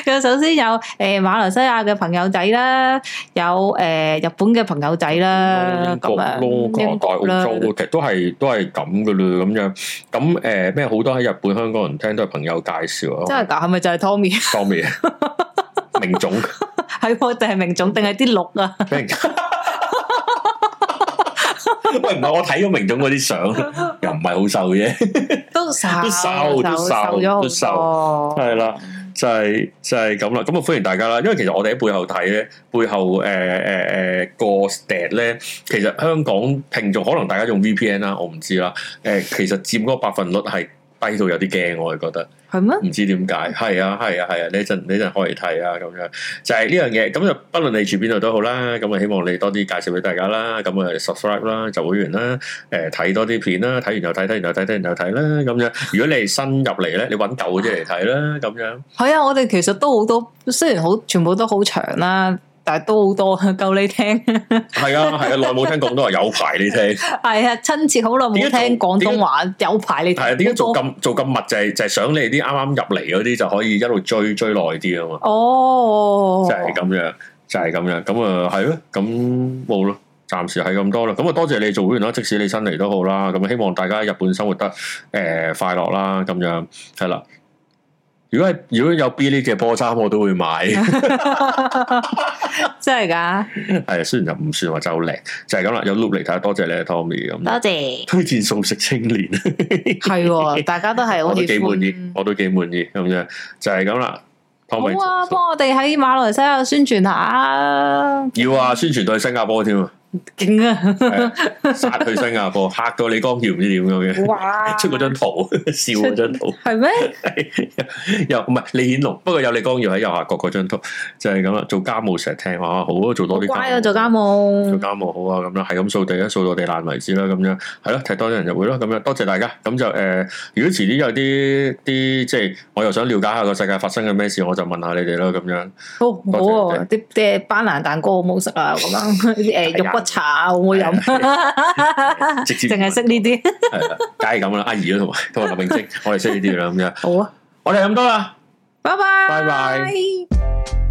有首先有誒馬來西亞嘅朋友仔啦，有誒日本嘅朋友仔啦，咁啊，英國咯，大澳洲，其實都係都係咁噶啦，咁樣咁誒咩？好多喺日本香港人聽都係朋友介紹啊，真係噶，係咪就係 Tommy？Tommy 明總係我定係明總定係啲鹿啊？喂，唔係 我睇咗明總嗰啲相，又唔係好瘦啫， 都瘦，都瘦，瘦都瘦，瘦都瘦，係啦，就係、是、就係咁啦。咁啊，歡迎大家啦。因為其實我哋喺背後睇咧，背後誒誒誒個 stat 咧，其實香港聽眾可能大家用 VPN 啦，我唔知啦。誒、呃，其實佔嗰個百分率係。低到有啲驚，我係覺得係咩？唔嗎知點解係啊係啊係啊！你陣你陣可以睇啊咁、啊啊啊啊啊、樣，就係、是、呢樣嘢。咁就不論你住邊度都好啦。咁啊，希望你多啲介紹俾大家啦。咁啊，subscribe 啦，就會員啦，誒、呃、睇多啲片啦。睇完又睇，睇完又睇，睇完又睇啦。咁樣，如果你係新入嚟咧，你揾舊嗰啲嚟睇啦。咁樣係啊！我哋其實都好多，雖然好全部都好長啦。 但係都好多，夠你聽。係啊係啊，耐冇聽咁多，話，有排你聽。係啊，親切好耐冇聽廣東話，有排你聽。係啊，點解做咁做咁密？就係、是、就係、是、想你啲啱啱入嚟嗰啲就可以一路追追耐啲啊嘛。哦，就係咁樣，就係、是、咁樣。咁啊係咯，咁冇咯，暫時係咁多啦。咁啊多謝你做會員啦，即使你新嚟都好啦。咁啊希望大家喺日本生活得誒、呃、快樂啦，咁樣係啦。如果係如果有 B 哩嘅波衫，我都會買 真嗎，真係噶。係雖然就唔算話真好靚，就係咁啦。有 look 力，睇下多謝你 Tommy 咁。Tommy，多謝推薦素食青年係， 大家都係我都幾滿意，我都幾滿意咁、就是、樣，就係咁啦。Tommy，好啊，幫我哋喺馬來西亞宣傳下。要啊，宣傳到新加坡添。勁啊！殺 去新加坡，嚇到李光耀唔知點樣嘅。哇！出嗰張圖，笑嗰張圖係咩？ 又唔係李顯龍？不過有李光耀喺右下角嗰張圖就係咁啦。做家務成日聽話好啊，做多啲家務。乖啊，做家務。做家務好啊，咁樣係咁掃地啊，掃到地爛為止啦，咁樣係咯。睇多啲人入會咯，咁樣，樣，樣，多謝大家。咁就誒、呃，如果遲啲有啲啲即係我又想了解下個世界發生嘅咩事，我就問下你哋啦，咁樣好好？啲啲班蘭蛋糕好唔好食啊？咁 樣誒， 茶我唔會飲，直接淨係識呢啲，係啦，梗係咁啦，阿姨啦，同埋同埋劉明升，我哋識呢啲啦，咁樣好啊，我哋飲多啦，拜 拜，拜拜。 bye bye bye bye